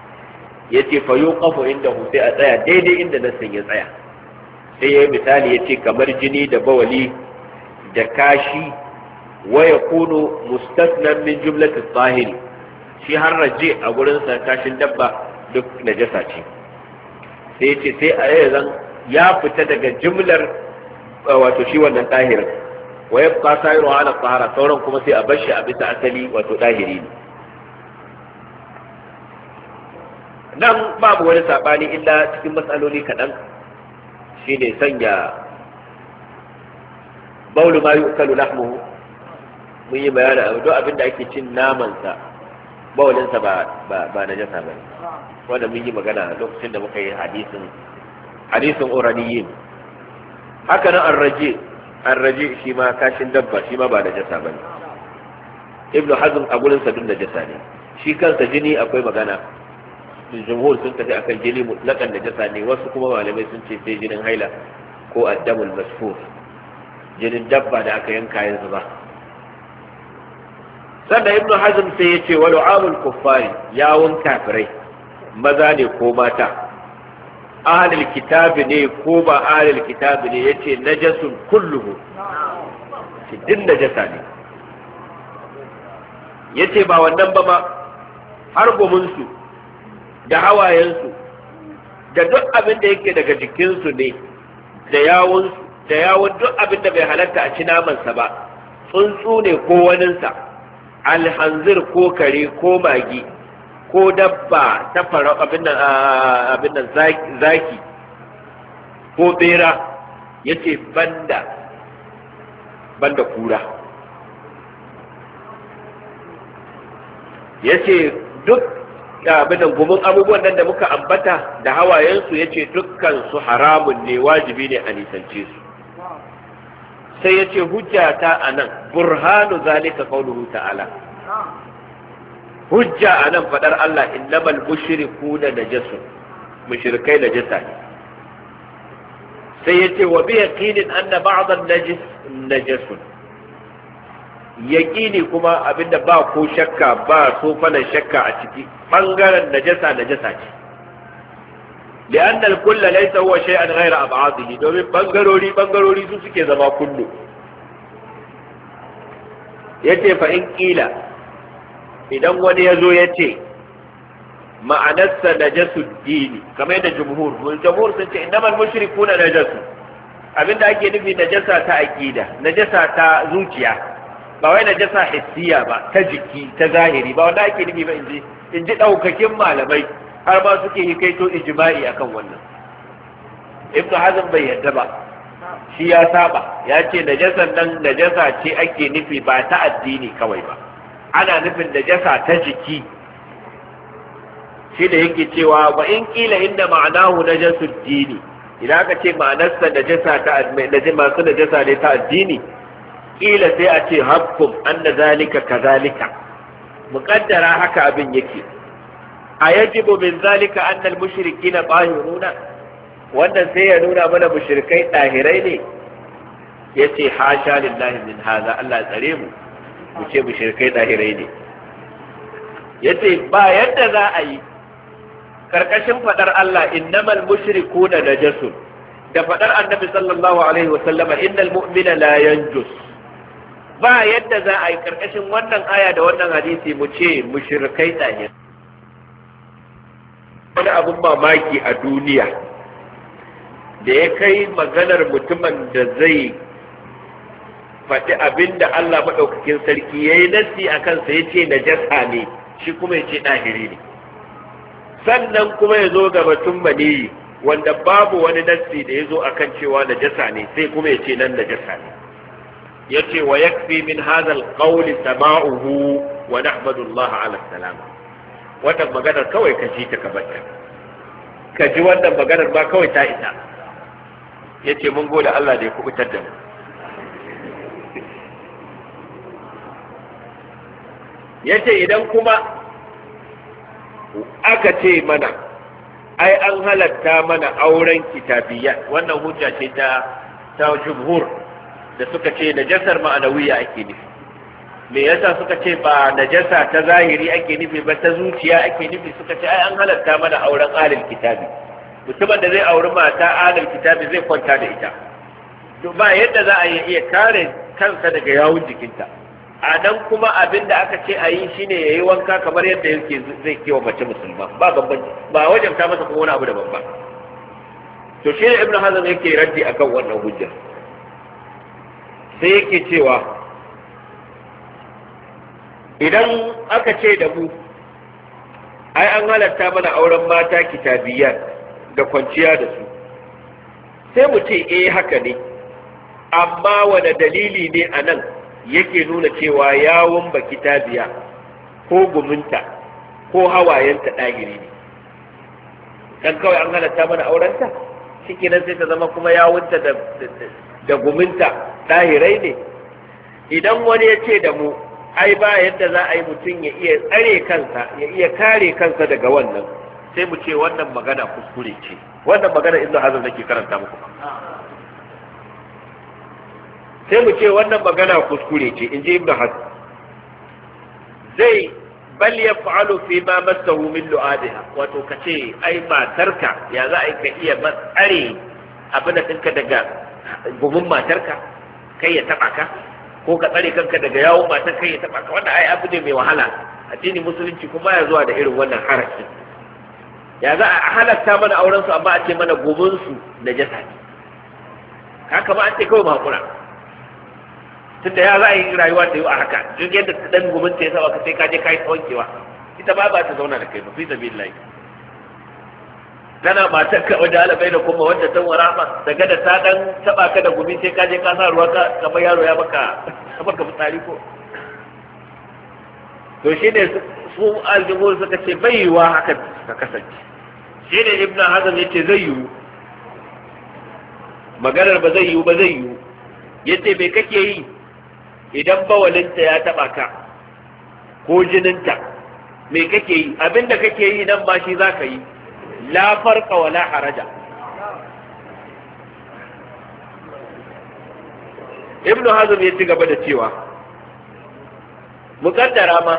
Speaker 2: yace fa yuqafu inda hu sai a tsaya daidai inda nassin ya tsaya sai yayi misali yace kamar jini da bawali da kashi Waya Kuno, mustasnan min jumlati zahiri shi har a gurin sa dabba duk najasa ce sai ya sai a yanzu ya fita daga jumlar uh, wato shi wannan tahirin wa yabqa sa'iru ala tahara sauran kuma sai a bar shi a bisa asali wato tahiri ne nan babu wani sabani illa cikin matsaloli kaɗan shine sanya baulu ma yu'kalu lahmuhu mun yi bayanin abu duk abin da ake cin namansa bawalinsa ba ba na jasa ba wanda mun yi magana lokacin da muka yi hadisin hadisin uraniyin haka nan arraji arraji shi ma kashin dabba shi ma ba na jasa ba ibnu hazm a gurin sa da jasa ne shi kansa jini akwai magana jumhur sun tafi akan jini mutlakan da jasa ne wasu kuma malamai sun ce sai jinin haila ko addamul masfur jinin dabba da aka yanka yanzu ba sannan ibnu hazm sai ya ce wal amul kuffari yawun kafirai maza ne ko mata ahlul kitabi ne ko ba ahlul kitabi ne yace najasun kulluhu shi din najasa ne yace ba wannan ba ba har gominsu da hawayensu da duk abin da yake daga jikinsu ne da yawun da yawun duk abin da bai halatta a ci namansa ba tsuntsu ne ko waninsa alhanzir ko kare ko magi ko dabba ta fara abin nan ah, zaki ko bera ya ce banda banda kura ya ce duk ah, abin gumin abubuwan nan da muka ambata da hawayensu ya ce dukkan su haramun ne wajibi ne a nisance su sai ya ce hujjata a nan burhanu zalika qauluhu ta'ala hujja a nan faɗar Allah innamal mushriku da najasu mushrikai najasa ne sai ya ce wa bi yaqinin anna ba'd najis najasun yaqini kuma abinda ba ko shakka ba so fana shakka a ciki bangaren najasa najasa ce لأن الكل ليس هو شيئا غير أبعاضه دومين بنغروري بنغروري su suke zama kullu Ya fa in kila idan wani yazo yace ma'anarsa najasu dini kamar yadda jumhur mun jumhur sun ce innamal mushrikuna najasu abinda ake nufi najasa ta aqida najasa ta zuciya ba wai najasa hissiya ba ta jiki ta zahiri ba wanda ake nufi ba inji inji daukakin malamai har ba suke hikaito ijma'i akan wannan ibnu hazm bai yadda ba shi ya saba ya ce najasa nan najasa ce ake nufi ba ta addini kawai ba ana nufin najasa ta jiki shi da yake cewa ba in kila inda ma'anahu najasu dini idan aka ce ma'anarsa najasa ta masu najasa ne ta addini kila sai a ce hakkum anna zalika kazalika muqaddara haka abin yake ayajibu min zalika anna al-mushrikina tahiruna wannan sai ya nuna mana mushrikai tahirai ne yace hasha lillahi min hadha Allah tsare mu mu ce mushrikai tahirai ne yace ba yadda za a yi karkashin fadar Allah innamal mushrikuna najasun da annabi sallallahu alaihi wa ba yadda za a yi ƙarƙashin wannan aya da wannan hadisi mu ce mushrikai tahirai wani abin mamaki a duniya da ya kai maganar mutumin da zai faɗi abin da Allah maɗaukakin sarki ya yi nasi a kansa ya ce na jasa ne shi kuma ya ce ɗahiri ne sannan kuma ya zo ga batun maniyi wanda babu wani nasi da ya zo a kan cewa na jasa ne sai kuma ya ce nan na jasa ne ya ce wa yakfi min hazal qawli sama'uhu wa nahmadu Allah ala wannan maganar kawai ka ji ta ka bata ka ji wannan maganar ba kawai ta ita yace mun gode Allah da ya kubutar da mu yace idan kuma aka ce mana ai an halatta mana auren kitabiyya wannan hujja ce ta ta jumhur da suka ce najasar ma'anawiya ake nufi me yasa suka ce ba najasa ta zahiri ake nufi ba ta zuciya ake nufi suka ce ai an halatta mana auren alil kitabi mutumin da zai auri mata alil kitabi zai kwanta da ita to ba yadda za a iya kare kansa daga yawun jikinta a nan kuma abin da aka ce a yi shi ne ya yi wanka kamar yadda yake zai kewa mace musulma ba bambanci ba wajen ta masa kuma wani abu daban ba to shi ne ibn hazan yake raddi akan wannan hujjar sai yake cewa idan aka ce da mu ai an halatta mana auren mata kitabiyyar da kwanciya da su sai mu ce eh haka ne amma wane dalili ne a nan yake nuna cewa yawon ba kitabiya ko guminta ko hawayenta ɗagiri ne dan kawai an halatta mana aurenta shi nan sai ta zama kuma yawunta da guminta ɗahirai ne idan wani ya ce da mu ai ba yadda za a yi mutum ya iya tsare kansa ya iya kare kansa daga wannan sai mu ce wannan magana kuskure ce wannan magana ibnu hazm nake karanta muku sai mu ce wannan magana kuskure ce in ji ibnu hazm zai bal yaf'alu fi ma massahu min lu'adiha wato kace ai matarka ya za a ka iya matsare abin da ɗinka daga gumin matarka kai ya taɓa ka ko ka tsare kanka daga yawon matan kai ya taɓa ka wannan ai abu ne mai wahala A addini musulunci kuma ya zuwa da irin wannan harafin. ya za a halatta mana auren su amma a ce mana gobin su da jasa ne haka an ce kawai makura tunda ya za a yi rayuwa da yau a haka duk yadda dan gobin ta ya saba ka sai ka je ka yi kewa ita ba ba ta zauna da kai ba fi sabilillahi Tana matar ka wajen alabai da kuma wanda ta wara rahma daga da ta dan taba ka da gumi sai ka je ka sa ruwa ka kamar yaro ya baka ka baka fitsari ko to shi ne su aljumhur suka ce bai yiwa haka ka kasance shi ne ibn hazm yace zai yiwu maganar ba zai yiwu ba zai yiwu yace bai kake yi idan bawalinta ya taba ka ko jininta me kake yi abinda kake yi nan ba shi zaka yi la farqa wala haraja ibnu hazm ya ci gaba da cewa muqaddara ma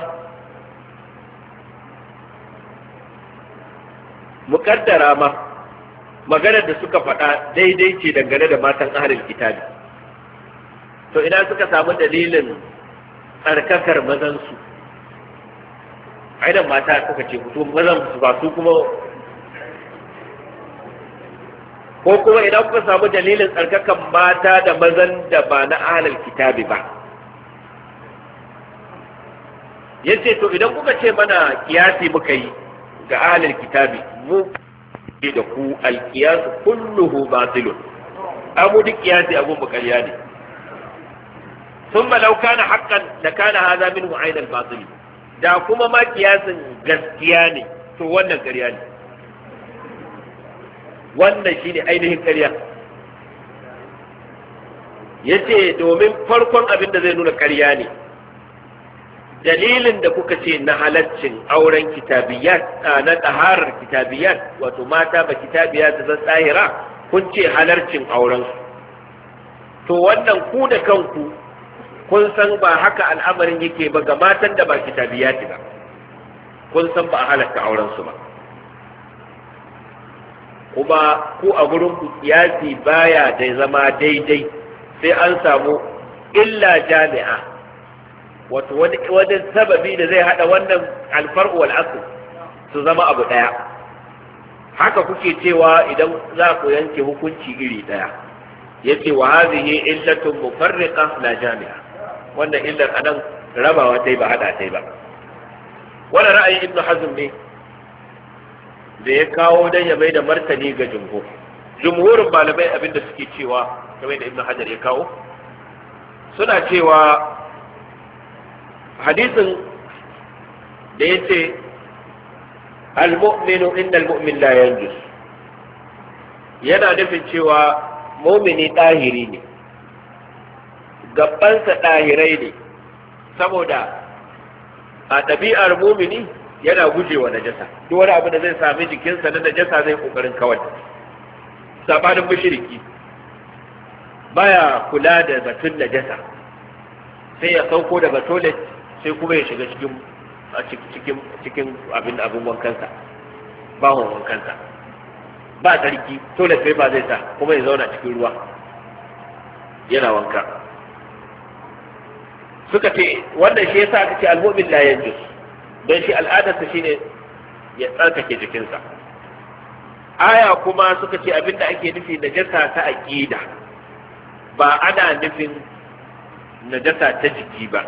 Speaker 2: muqaddara ma maganar da suka faɗa daidai ce dangane da matan ahlul kitabi to ina suka samu dalilin tsarkakar mazansu aidan mata suka ce fito mazan su ba su kuma ko kuma idan kuka samu dalilin tsarkakan mata da mazan da ba na ahlul kitabi ba yace to idan kuka ce mana kiyasi muka yi ga ahlul kitabi mu da ku alkiyas kulluhu batilun amu duk kiyasi abun bukariya ne malau kana كان da kana haza min عين الباطل da kuma ma kiyasin gaskiya ne to wannan ƙarya ne wannan shine ainihin ƙarya yace domin farkon abin da zai nuna ƙarya ne dalilin da kuka ce na halaccin auren kitabiyat na ɗaharar kitabiyat wato mata ba kitabiyat da tsahira kun ce halarcin auren to wannan ku da kanku kun san ba haka al'amarin yake ba ga matan da ba kitabiyat ba kun san ba a halarta auren su ba kuma ku a gurin ku kiyasi baya da zama daidai sai an samu illa jami'a wato wani wani sababi da zai hada wannan alfar'u wal asl su zama abu daya haka kuke cewa idan za ku yanke hukunci iri daya yace wa hadhihi illatun mufarriqa la jami'a wannan illar anan rabawa tai ba hada tai ba wannan ra'ayin ibnu hazm ne da ya kawo dan ya mai da martani ga jumhur jumhurin malamai abinda suke cewa kamar da Ibn hajar ya kawo suna cewa hadisin da ya ce al-mu'minu innal mu'min la yanjus yana nufin cewa mumini ɗahiri ne gabansa ɗahirai ne saboda a ɗabi'ar mumini yana gujewa najasa duk wani abu da zai sami jikinsa na najasa zai kokarin kawar sabanin mushriki baya kula da batun najasa sai ya sauko daga toilet sai kuma ya shiga cikin cikin cikin abin abin wankansa bahon wankansa ba tsarki toilet ba zai sa kuma ya zauna cikin ruwa yana wanka suka ce wannan shi yasa aka ce al-mu'min la yanjus dan shi al'adarsa shine ya tsarkake jikinsa aya kuma suka ce abinda ake nufi najasa ta aqida ba ana nufin najasa ta jiki ba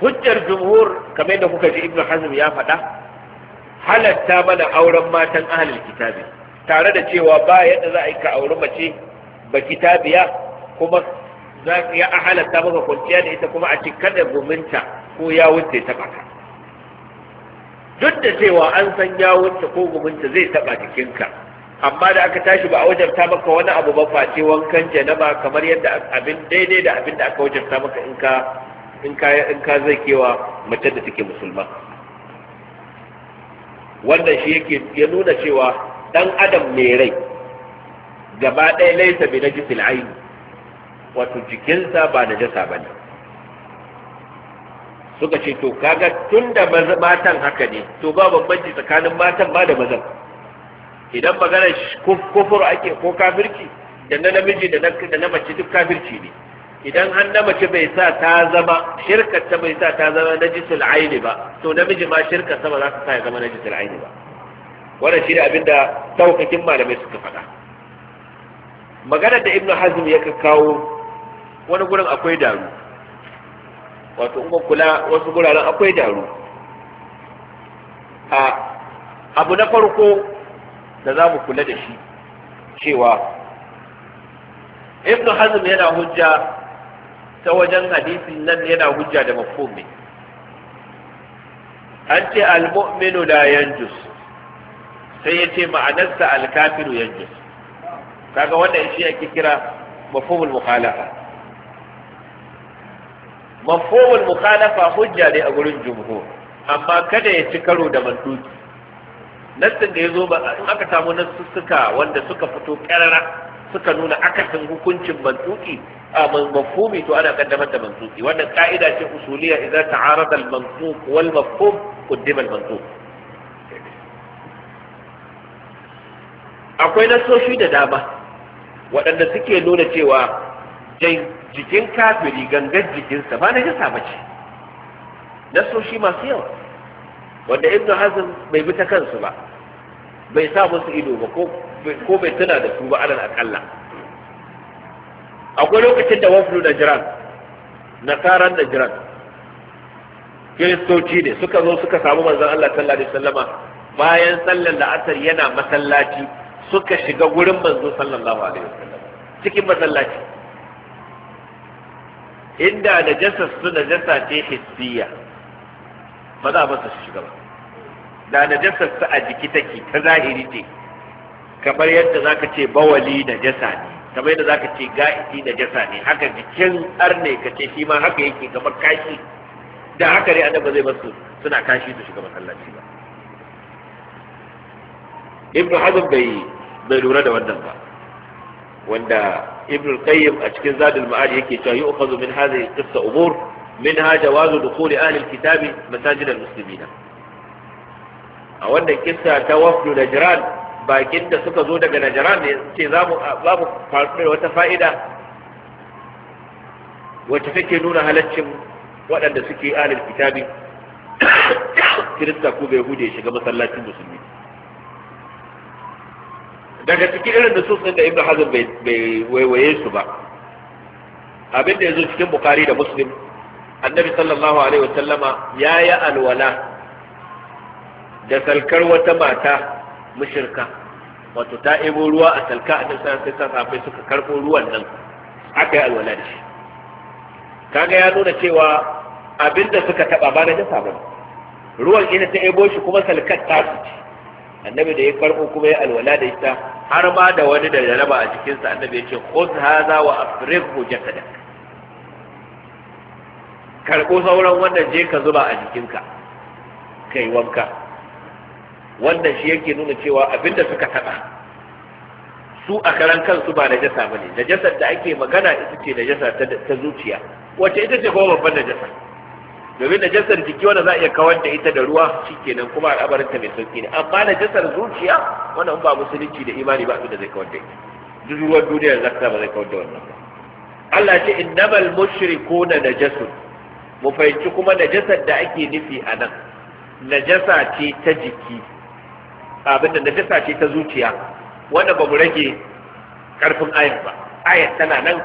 Speaker 2: hujjar jumhur kamar da kuka ji ibnu hazm ya faɗa halatta mana auren matan ahlul kitabi tare da cewa ba yadda za a yi ka auri mace ba kitabiya kuma za ya halatta maka kwanciya da ita kuma a cikin kada guminta ko ya wuce ta baka duk da cewa an san yawunta ko gumunta zai taba jikinka amma da aka tashi ba a wajabta maka wani abu ba face wankan janaba kamar yadda abin daidai da abin da aka wajabta maka in ka in ka in ka zai kewa mace da take musulma wannan shi yake ya nuna cewa dan adam mai rai gaba ɗaya laisa bi najisil aini wato jikinsa ba najasa bane suka ce to kaga tunda matan haka ne to ba bambanci tsakanin matan ba da mazan idan maganar kufur ake ko kafirci da na namiji da na mace duk kafirci ne idan an na mace bai sa ta zama shirkar ta bai sa ta zama na najisul aini ba to namiji ma shirkar sama ba za su sa ya zama na najisul aini ba wannan shi ne da saukakin malamai suka faɗa maganar da ibnu hazm ya kawo wani gurin akwai daru wato in kula wasu guraren akwai daru a abu na farko da za mu kula da shi cewa ibn hazm yana hujja ta wajen hadisin nan yana hujja da mafhumi an ce al-mu'minu la yanjus sai ya ce ma'anarsa al-kafiru yanjus kaga wannan shi ake kira mafhumul mukhalafa mafhumul mukhalafa hujja ne a gurin jumhur amma kada ya ci karo da manduki nassin da ya zo ba in aka samu nassuka wanda suka fito karara suka nuna akasin hukuncin mantuki a mafhumi to ana kaddamar da mantuki wannan ka'ida ce usuliya idan ta'arada al-mantuq wal mafhum qaddama al-mantuq akwai nassoshi da dama waɗanda suke nuna cewa jai jikin kafiri gangar jikinsa ba na jasa bace nasoshi masu yawa wanda ibnu hazm bai bi ta kansu ba bai sa musu ido ba ko bai tuna da su ba alal akalla akwai lokacin da waflu da jiran nasaran da jiran kiristoci ne suka zo suka samu manzon Allah sallallahu alaihi wasallama bayan sallar asar yana masallaci suka shiga gurin manzo sallallahu alaihi wasallam cikin masallaci inda da jasas su da jasa ce hissiya ba za ba su shiga ba da da jasas su a jiki take ta zahiri ce kamar yadda za ka ce bawali da jasa ne kamar yadda za ka ce ga'iti da jasa ne haka jikin arne ka ce shi ma haka yake kamar kashi da haka ne ba zai basu suna kashi su shiga masallaci ba ibn hazm bai bai lura da wannan ba wanda ibn al a cikin zadul ma'ad yake cewa yu'khadhu min hadhihi qissa umur minha jawazu dukhuli ahli al-kitabi masajid al-muslimina a wannan kissa ta wafdu najran bakin da suka zo daga najran ne ce za mu za mu wata fa'ida wacce take nuna halaccin waɗanda suke ahli al-kitabi kirista ko bai ya shiga masallacin musulmi daga cikin irin da sun da ibnu hazm bai waiwaye su ba abin da yazo cikin bukhari da muslim annabi sallallahu alaihi wasallama yi alwala da salkar wata mata mushirka, wato ta ebo ruwa a salka a nan sai safe suka karɓo ruwan nan aka yi alwala da shi kaga ya nuna cewa abin da suka taba ba na jasa ba ruwan ina ta ebo shi kuma salkar ta su ce annabi da ya karbo kuma ya alwala da ita har ma da wani da jaraba a jikinsa annabi ya ce khudh hadha wa afrighu jasadak karbo sauran wannan je ka zuba a jikinka kai wanka wannan shi yake nuna cewa abinda suka taba su a karan kansu ba najasa bane najasar da ake magana ita ce najasa ta zuciya wacce ita ce kuma babban najasa domin najasar jiki wanda za a iya kawar da ita da ruwa kenan kuma al'amarinta mai sauki ne amma najasar zuciya wannan ba musulunci da imani ba da zai kawar da ita duk ruwan duniya ta ba zai kawar da wannan ba Allah ce innamal mushrikuna najasun mu fahimci kuma najasar da ake nufi a nan najasa ce ta jiki abin da najasa ce ta zuciya wanda ba mu rage karfin ayat ba ayat tana nan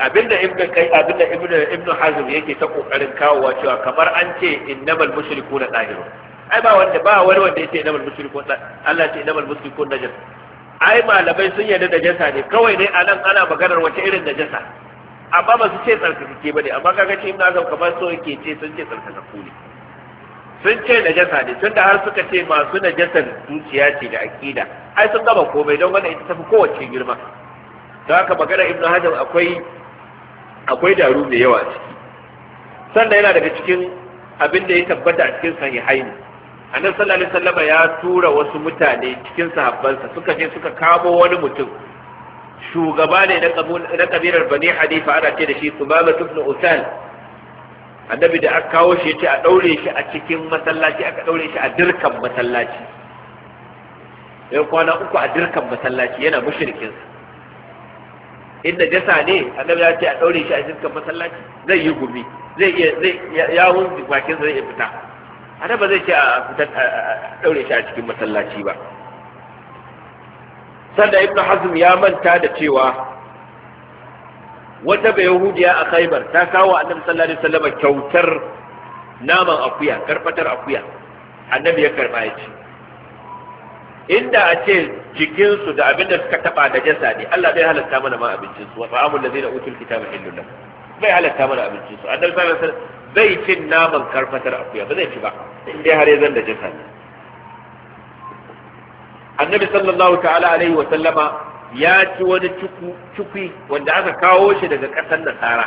Speaker 2: abinda ibnu kai abinda ibnu ibnu hazm yake ta kokarin kawowa cewa kamar an ce innamal mushrikuna dahiru ai ba wanda ba wani wanda yake innamal da Allah ce innamal mushrikuna najas ai malamai sun yarda da jasa ne kawai a anan ana maganar wace irin da jasa amma ba su ce tsarkakake ba ne amma kaga ce ibnu hazm kamar so yake ce sun ce tsarkakaku ne sun ce najasa ne tun da har suka ce masu najasar zuciya ce da aƙida ai sun gaba komai don wannan ita tafi kowace girma don haka magana ibnu hajar akwai akwai daru mai yawa ce. sannan yana daga cikin abin da ya tabbata a cikin haini annabi sallallahu alaihi wasallam ya tura wasu mutane cikin sahabbansa suka je suka kamo wani mutum shugaba ne na kabilar bani Hadifa, ana ce da shi sumama ibn usal annabi da aka kawo shi ce a daure shi a cikin masallaci aka daure shi a dirkan masallaci yan kwana uku a dirkan masallaci yana mushrikinsa in jasa ne annabi ya ce a daure shi a cikin masallaci zai yi gumi zai iya zai yawun bakin zai iya fita annabi zai ce a fita a daure shi a cikin masallaci ba sanda ibn hazm ya manta da cewa wata bai yahudiya a khaibar ta kawo annabi sallallahu alaihi wasallam kyautar naman akuya karfatar akuya annabi ya karba ya ce inda a ce jikinsu da abin da suka taba da jasa ne Allah zai halatta mana ma abincin su wa ta'amul ladina utul kitaba illal lahum bai halatta mana abincin su annabi sallallahu alaihi wasallam bai cin naman karfatar akuya ba zai ci ba In indai har ya zan da jasa ne annabi sallallahu ta'ala alaihi wa sallama ya ci wani cukwi wanda aka kawo shi daga ƙasar nasara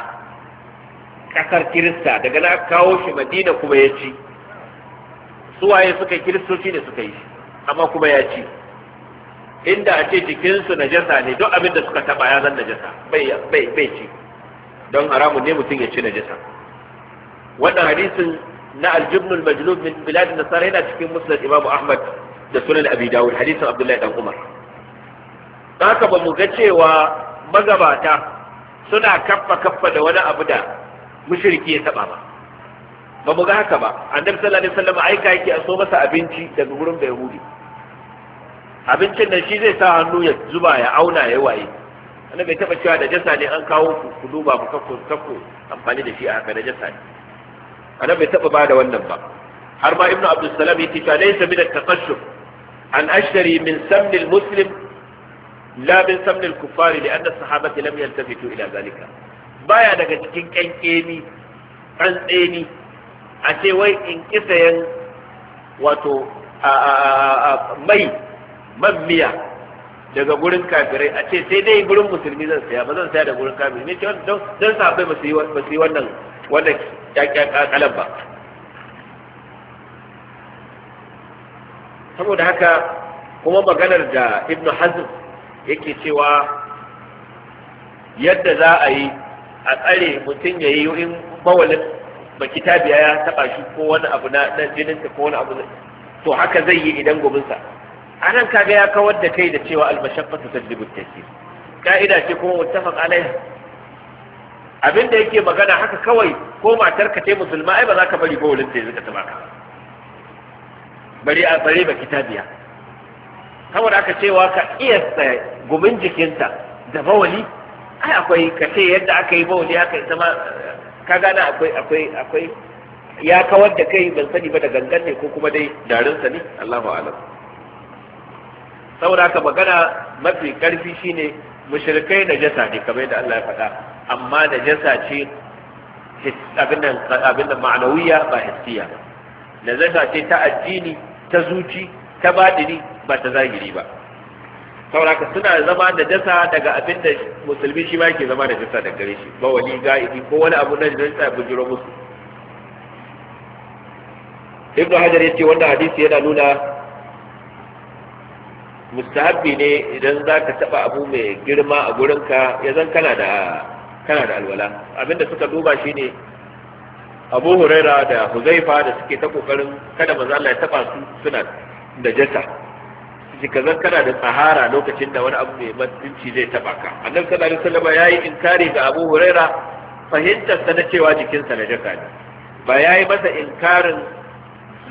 Speaker 2: ƙasar kirista daga na kawo shi madina kuma ya ci suwaye suka kiristoci ne suka yi shi amma kuma ya ci inda a ce jikinsu najasa ne duk abin da suka taba ya zan najasa bai bai ci don haramun ne mutum ya ci najasa wannan hadisin na aljibnul majlub min bilad nasara yana cikin musnad imamu ahmad da sunan abi dawud hadisin abdullahi dan umar haka ba mu ga cewa magabata suna kaffa kaffa da wani abu da mushriki ya taba ba ba mu ga haka ba annabi sallallahu alaihi wasallam aika yake a so masa abinci daga gurin bai yahudi abincin da shi zai sa hannu ya zuba ya auna ya waye wanda bai taba cewa da jasa ne an kawo ku ku duba ku kakko kakko amfani da shi a haka da jasa ne ana bai taba bada wannan ba har ma ibnu abdul salam yake cewa laysa min at-taqashshuf an ashtari min samn al-muslim la min samn al-kuffar li anna as-sahabati lam yaltafitu ila zalika baya daga cikin kankeni an tseni a ce wai in kisayen wato mai man miya daga gurin kafirai a ce sai dai gurin musulmi zan saya ba zan saya da gurin kafirai ne ce don don sabai ba su yi wannan kyakkyan kyakkyakalan ba saboda haka kuma maganar da ibnu hazm yake cewa yadda za a yi a tsare mutum ya yi in mawalin ba kitabiya ya taba shi ko wani abu na jininsa ko wani abu to haka zai yi idan gobinsa anan kaga ya kawar da kai da cewa al ta tadribu at-taysir ka'ida ce kuma muttafaq alaiha da yake magana haka kawai ko matar ka ce musulma ai ba za ka bari ko wurin sai zaka taba ka bari a bare ba kitabiya saboda aka cewa ka iya gumin jikinta da bawali ai akwai ka ce yadda aka yi bawali haka ita ma ka gana akwai akwai akwai ya kawar da kai ban sani ba da gangan ne ko kuma dai darinsa ne Allahu a'lam saboda haka magana mafi karfi shine mushrikai jasa ne kamar yadda Allah ya faɗa amma jasa ce abin da ma'anawiya ba hissiya jasa ce ta addini ta zuci ta badini ba ta zahiri ba haka suna zama da jasa daga abin da musulmi shi ma yake zama da jasa da gare shi ba wani ga'idi ko wani abu na jasa bujiro musu ibnu hajar yace wannan hadisi yana nuna mustahabbi ne idan za ka taɓa abu mai girma a gurinka ya zan kana da kana da alwala abinda suka duba shi ne abu huraira da huzaifa da suke ta kokarin kada maza Allah ya taɓa su suna da jasa shi ka zan kana da tsahara lokacin da wani abu mai matsinci zai taɓa ka annabi sallallahu alaihi wasallam yayi inkari ga abu huraira fahimtar sana na cewa jikinsa na jaka ne ba yi masa inkarin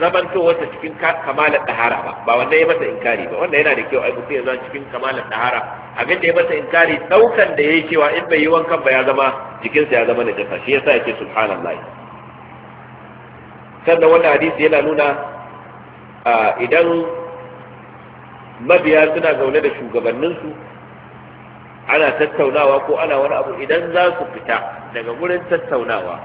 Speaker 2: zamantowar ta cikin kamalar dahara ba ba wanda ya masa inkari ba wanda yana da kyau ai mutum ya zama cikin kamalar dahara abin da ya masa inkari daukan da yayi cewa in bai yi wankan ba ya zama jikinsa ya zama najasa shi yasa yake subhanallahi sannan wannan hadisi yana nuna idan mabiya suna zaune da shugabanninsu ana tattaunawa ko ana wani abu idan za su fita daga gurin tattaunawa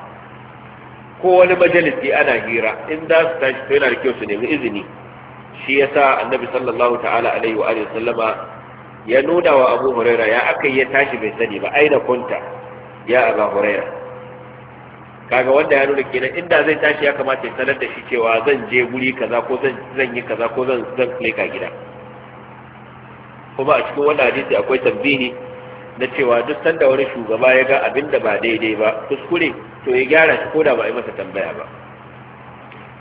Speaker 2: ko wani majalisi ana hira in za su tashi to yana da kyau su nemi izini shi yasa annabi sallallahu ta'ala alaihi wa alihi sallama ya nuna wa abu huraira ya akai ya tashi bai sani ba aina kunta ya abu huraira kaga wanda ya nuna kenan inda zai tashi ya kamata ya sanar da shi cewa zan je guri kaza ko zan zan yi kaza ko zan zan ka gida kuma a cikin wannan hadisi akwai tambihi na cewa duk sanda wani shugaba ya ga abin da ba daidai ba kuskure to ya gyara shi ko da ba a yi masa tambaya ba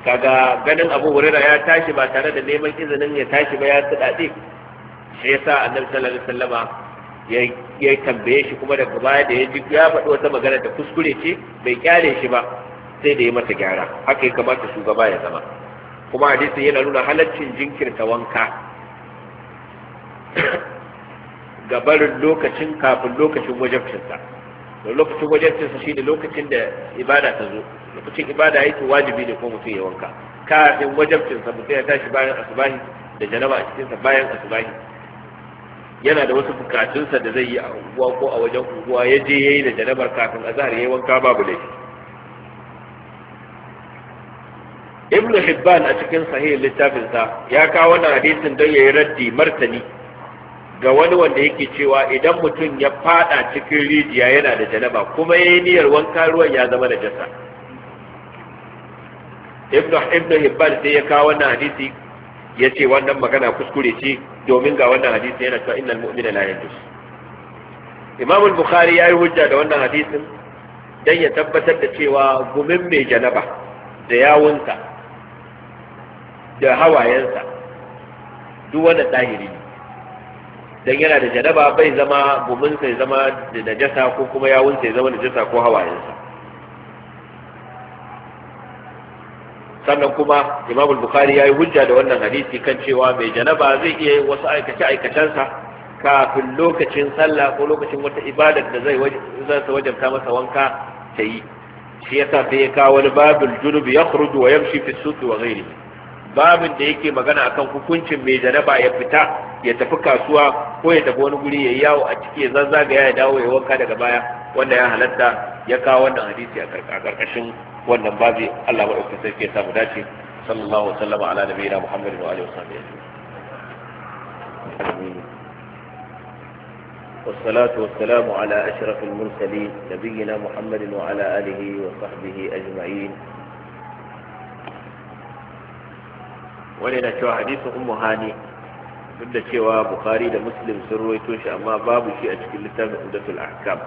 Speaker 2: kaga ganin abu hurira ya tashi ba tare da neman izinin ya tashi ba ya tsadade shi sa annabi sallallahu alaihi wasallama ya tambaye shi kuma daga baya da ya ji ya faɗi wata magana da kuskure ce bai kyale shi ba sai da ya masa gyara haka ya kamata shugaba ya zama kuma hadisin yana nuna halaccin jinkirta wanka gabarin lokacin kafin lokacin wajabcinsa da lokacin wajabcinsa shine lokacin da ibada ta zo lokacin ibada yake wajibi ne ko mutum ya wanka kafin wajabcinsa mutum ya tashi bayan asubahi da janaba a cikinsa bayan asubahi yana da wasu bukatunsa da zai yi a unguwa ko a wajen unguwa ya je ya yi da janabar kafin ya yi wanka babu laifi ibn hibban a cikin sahihin littafinsa ya kawo wannan hadisin don ya yi raddi martani ga wani wanda yake cewa idan mutum ya fada cikin rijiya yana da janaba kuma yayi niyyar wanka ruwan ya zama da jasa ibnu ibnu hibban sai ya kawo wannan hadisi ya ce wannan magana kuskure ce domin ga wannan hadisi yana cewa innal mu'mina la yajus imam al-bukhari ya yi hujja da wannan hadisin dan ya tabbatar da cewa gumin mai janaba da yawunsa da hawayensa duk wanda tahiri dan yana da janaba bai zama gumin sai zama da najasa ko kuma yawun sai zama najasa ko hawayensa sannan kuma Imam Bukhari yayi hujja da wannan hadisi kan cewa mai janaba zai iya wasu aikace aikacensa kafin lokacin sallah ko lokacin wata ibada da zai zai wajenta masa wanka ta yi shi yasa sai ya kawo wani babul junub yakhruju wa yamshi fi suq wa ghairihi babin da yake magana akan hukuncin mai janaba ya fita ya tafi kasuwa ko ya tafi wani guri ya yi yawo a ciki ya zazzagaya ya dawo ya wanka daga baya wanda ya halatta ya kawo wannan hadisi a karkashin wannan babi Allah maɗaukakin sarki ya samu dace sallallahu alaihi wasallam ala nabiyina muhammadin wa alihi wasallam والصلاة والسلام على أشرف المرسلين نبينا محمد وعلى آله وصحبه أجمعين wani na cewa hadisin ummu hani duk da cewa bukhari da muslim sun ruwaito shi amma babu shi a cikin littafin udatul ahkam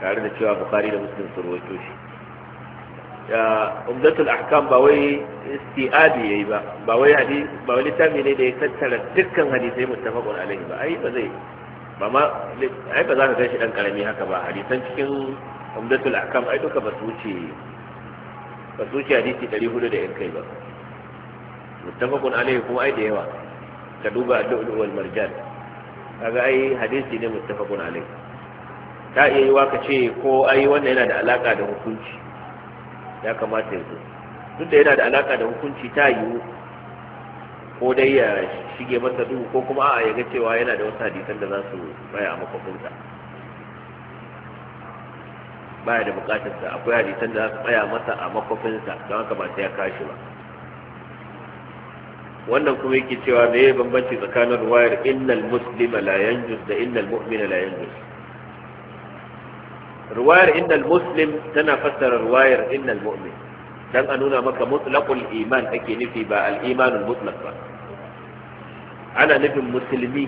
Speaker 2: tare da cewa bukhari da muslim sun ruwaito shi ya umdatul ahkam ba wai isti'abi yayi ba ba wai hadisi ba wai littafi ne da ya tattara dukkan hadisai muttafaqun alaihi ba ai ba zai ba ma ai ba za ka gashi dan karami haka ba hadisan cikin umdatul ahkam ai duka ba su wuce ba su wuce hadisi 400 da yan kai ba muttafaqun alaihi kuma ai da yawa ka duba al wal marjan kaga ai hadisi ne muttafaqun alaihi ta iya yi ka ce ko ai wannan yana da alaka da hukunci ya kamata yanzu duk da yana da alaka da hukunci ta yiwu ko dai ya shige masa duhu ko kuma a'a ya ga cewa yana da wasu hadisan da za su baya a makwafinsa baya da bukatarsa akwai hadisan da za su tsaya masa a makwafinsa don haka ba sai ya kashi ba wannan kuma yake cewa me ya bambanci tsakanin ruwayar innal muslima la yanjus da innal mu'mina la yanjus ruwayar innal muslim tana fassara ruwayar innal mu'min dan a nuna maka mutlaqul iman ake nufi ba al imanul mutlaq ba ana nufin musulmi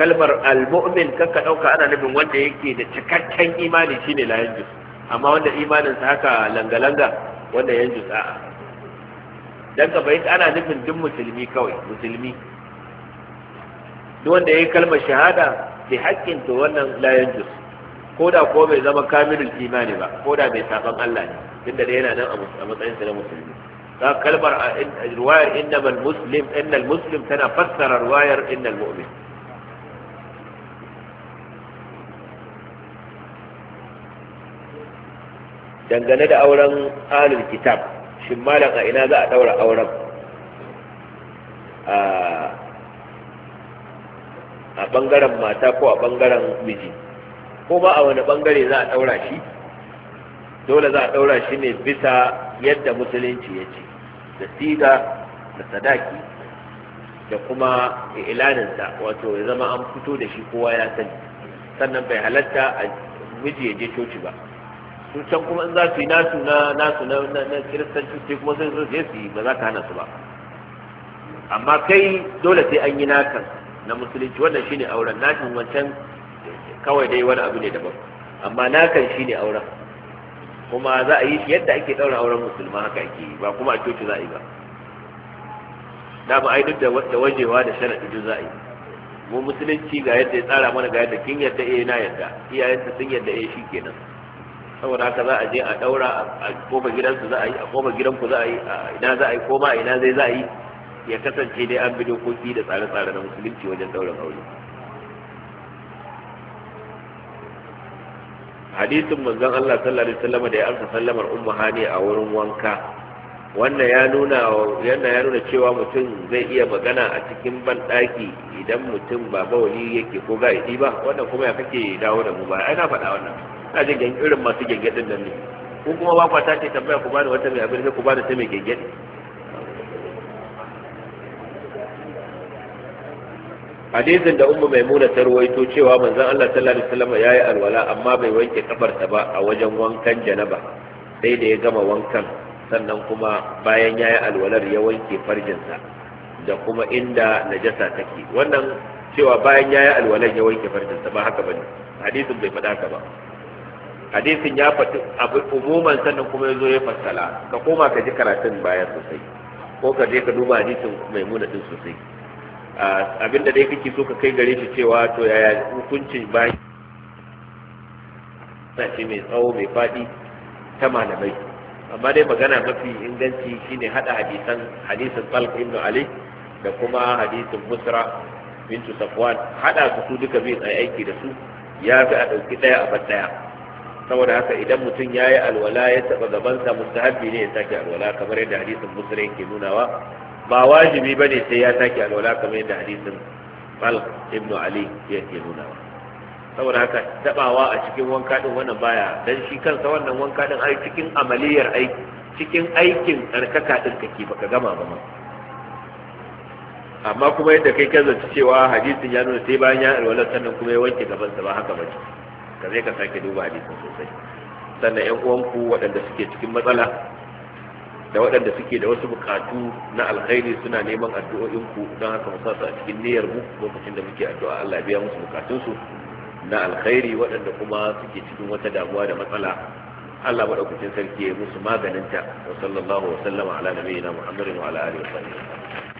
Speaker 2: kalmar al-mu'min kanka dauka ana nufin wanda yake da cikakken imani shine la yanjus amma wanda imaninsa haka langalanga langa wanda yanjus a'a dan kabaita ana nufin duk musulmi kawai musulmi duk wanda yi kalmar shahada bi haƙƙin to wannan la jus ko da ko bai zama kamilul imani ba ko da bai saban Allah ne tunda da yana nan a matsayin sa na musulmi ta kalmar riwayar innamal muslim innal muslim tana fassara ruwayar innal mu'min dangane da auren ahlul kitab shin malam a ina za a daura auren a bangaren mata ko a bangaren miji ko ba a wani bangare za a daura shi dole za a daura shi ne bisa yadda musulunci ya ce da siga da sadaki da kuma ilaninsa wato ya zama an fito da shi kowa ya sani sannan bai halatta a miji ya je coci ba su can kuma in za su yi nasu na nasu na na kiristanci sai kuma sai su yi ba za ka hana su ba amma kai dole sai an yi nakan na musulunci wannan shine auren nakan wancan kawai dai wani abu ne daban amma nakan shine auren kuma za a yi shi yadda ake daura auren musulma haka ake yi ba kuma a coci za a yi ba da ba ai duk da wajewa da sharadi duk za a yi mu musulunci ga yadda ya tsara mana ga yadda kin yadda eh na yadda iyayenta sun yadda eh shikenan saboda haka za a je a daura a kofa gidansu za a yi a kofa gidanku za a yi a ina za a yi koma a ina zai za a yi ya kasance dai an bi dokoki da tsare-tsare na musulunci wajen daurin aure hadisin manzon Allah sallallahu alaihi wasallam da ya amsa sallamar ummu hani a wurin wanka wannan ya nuna yana ya nuna cewa mutum zai iya magana a cikin banɗaki idan mutum ba bawali yake ko ga'idi ba wannan kuma ya kake dawo da mu ba ai na faɗa wannan na jin irin masu gengedin nan ne ko kuma ba kwata ce tambaya ku bani wata mai abin sai ku bani ta mai gengedi hadisin da ummu maimuna ta ruwaito cewa manzon Allah sallallahu alaihi wasallam yayi alwala amma bai wanke kafarsa ba a wajen wankan janaba sai da ya gama wankan sannan kuma bayan yayi alwalar ya wanke farjinsa da kuma inda najasa take wannan cewa bayan yayi alwalar ya wanke farjinsa ba haka bane hadisin bai faɗa haka ba hadisin ya faɗi umuman sannan kuma ya zo ya fassala ka koma ka ji karatun baya sosai ko ka je ka duba hadisin mai muna din sosai da dai kake so ka kai gare shi cewa to yaya hukuncin bayan na ce mai tsawo mai faɗi ta malamai amma dai magana mafi inganci shine hada hadisan hadisin talq ibn ali da kuma hadisin musra bintu safwan hada su su duka bin aiki da su ya fi a ɗauki ɗaya a ɗaya saboda haka idan mutum ya yi alwala ya taɓa gabansa mustahabbi ne ya sake alwala kamar yadda hadisin musulun ke nunawa ba wajibi ba ne sai ya sake alwala kamar yadda hadisin falk ibn ali ya ke nunawa saboda haka taɓawa a cikin wanka ɗin wannan baya dan shi kansa wannan wanka ɗin ai cikin amaliyar aiki cikin aikin tsarkaka ɗin kake baka gama ba ma amma kuma yadda kai ka zaci cewa hadisin ya nuna sai bayan ya alwala sannan kuma ya wanke gabansa ba haka ba ce ka zai ka sake duba hadisin sosai sannan yan uwanku waɗanda suke cikin matsala da waɗanda suke da wasu bukatu na alkhairi suna neman addu'o'inku don haka mu sa su a cikin niyyar mu lokacin da muke addu'a Allah biya musu bukatunsu na alkhairi waɗanda kuma suke cikin wata damuwa da matsala Allah madaukakin sarki ya musu maganin ta sallallahu wa sallama ala nabiyyina Muhammadin wa ala alihi wa sahbihi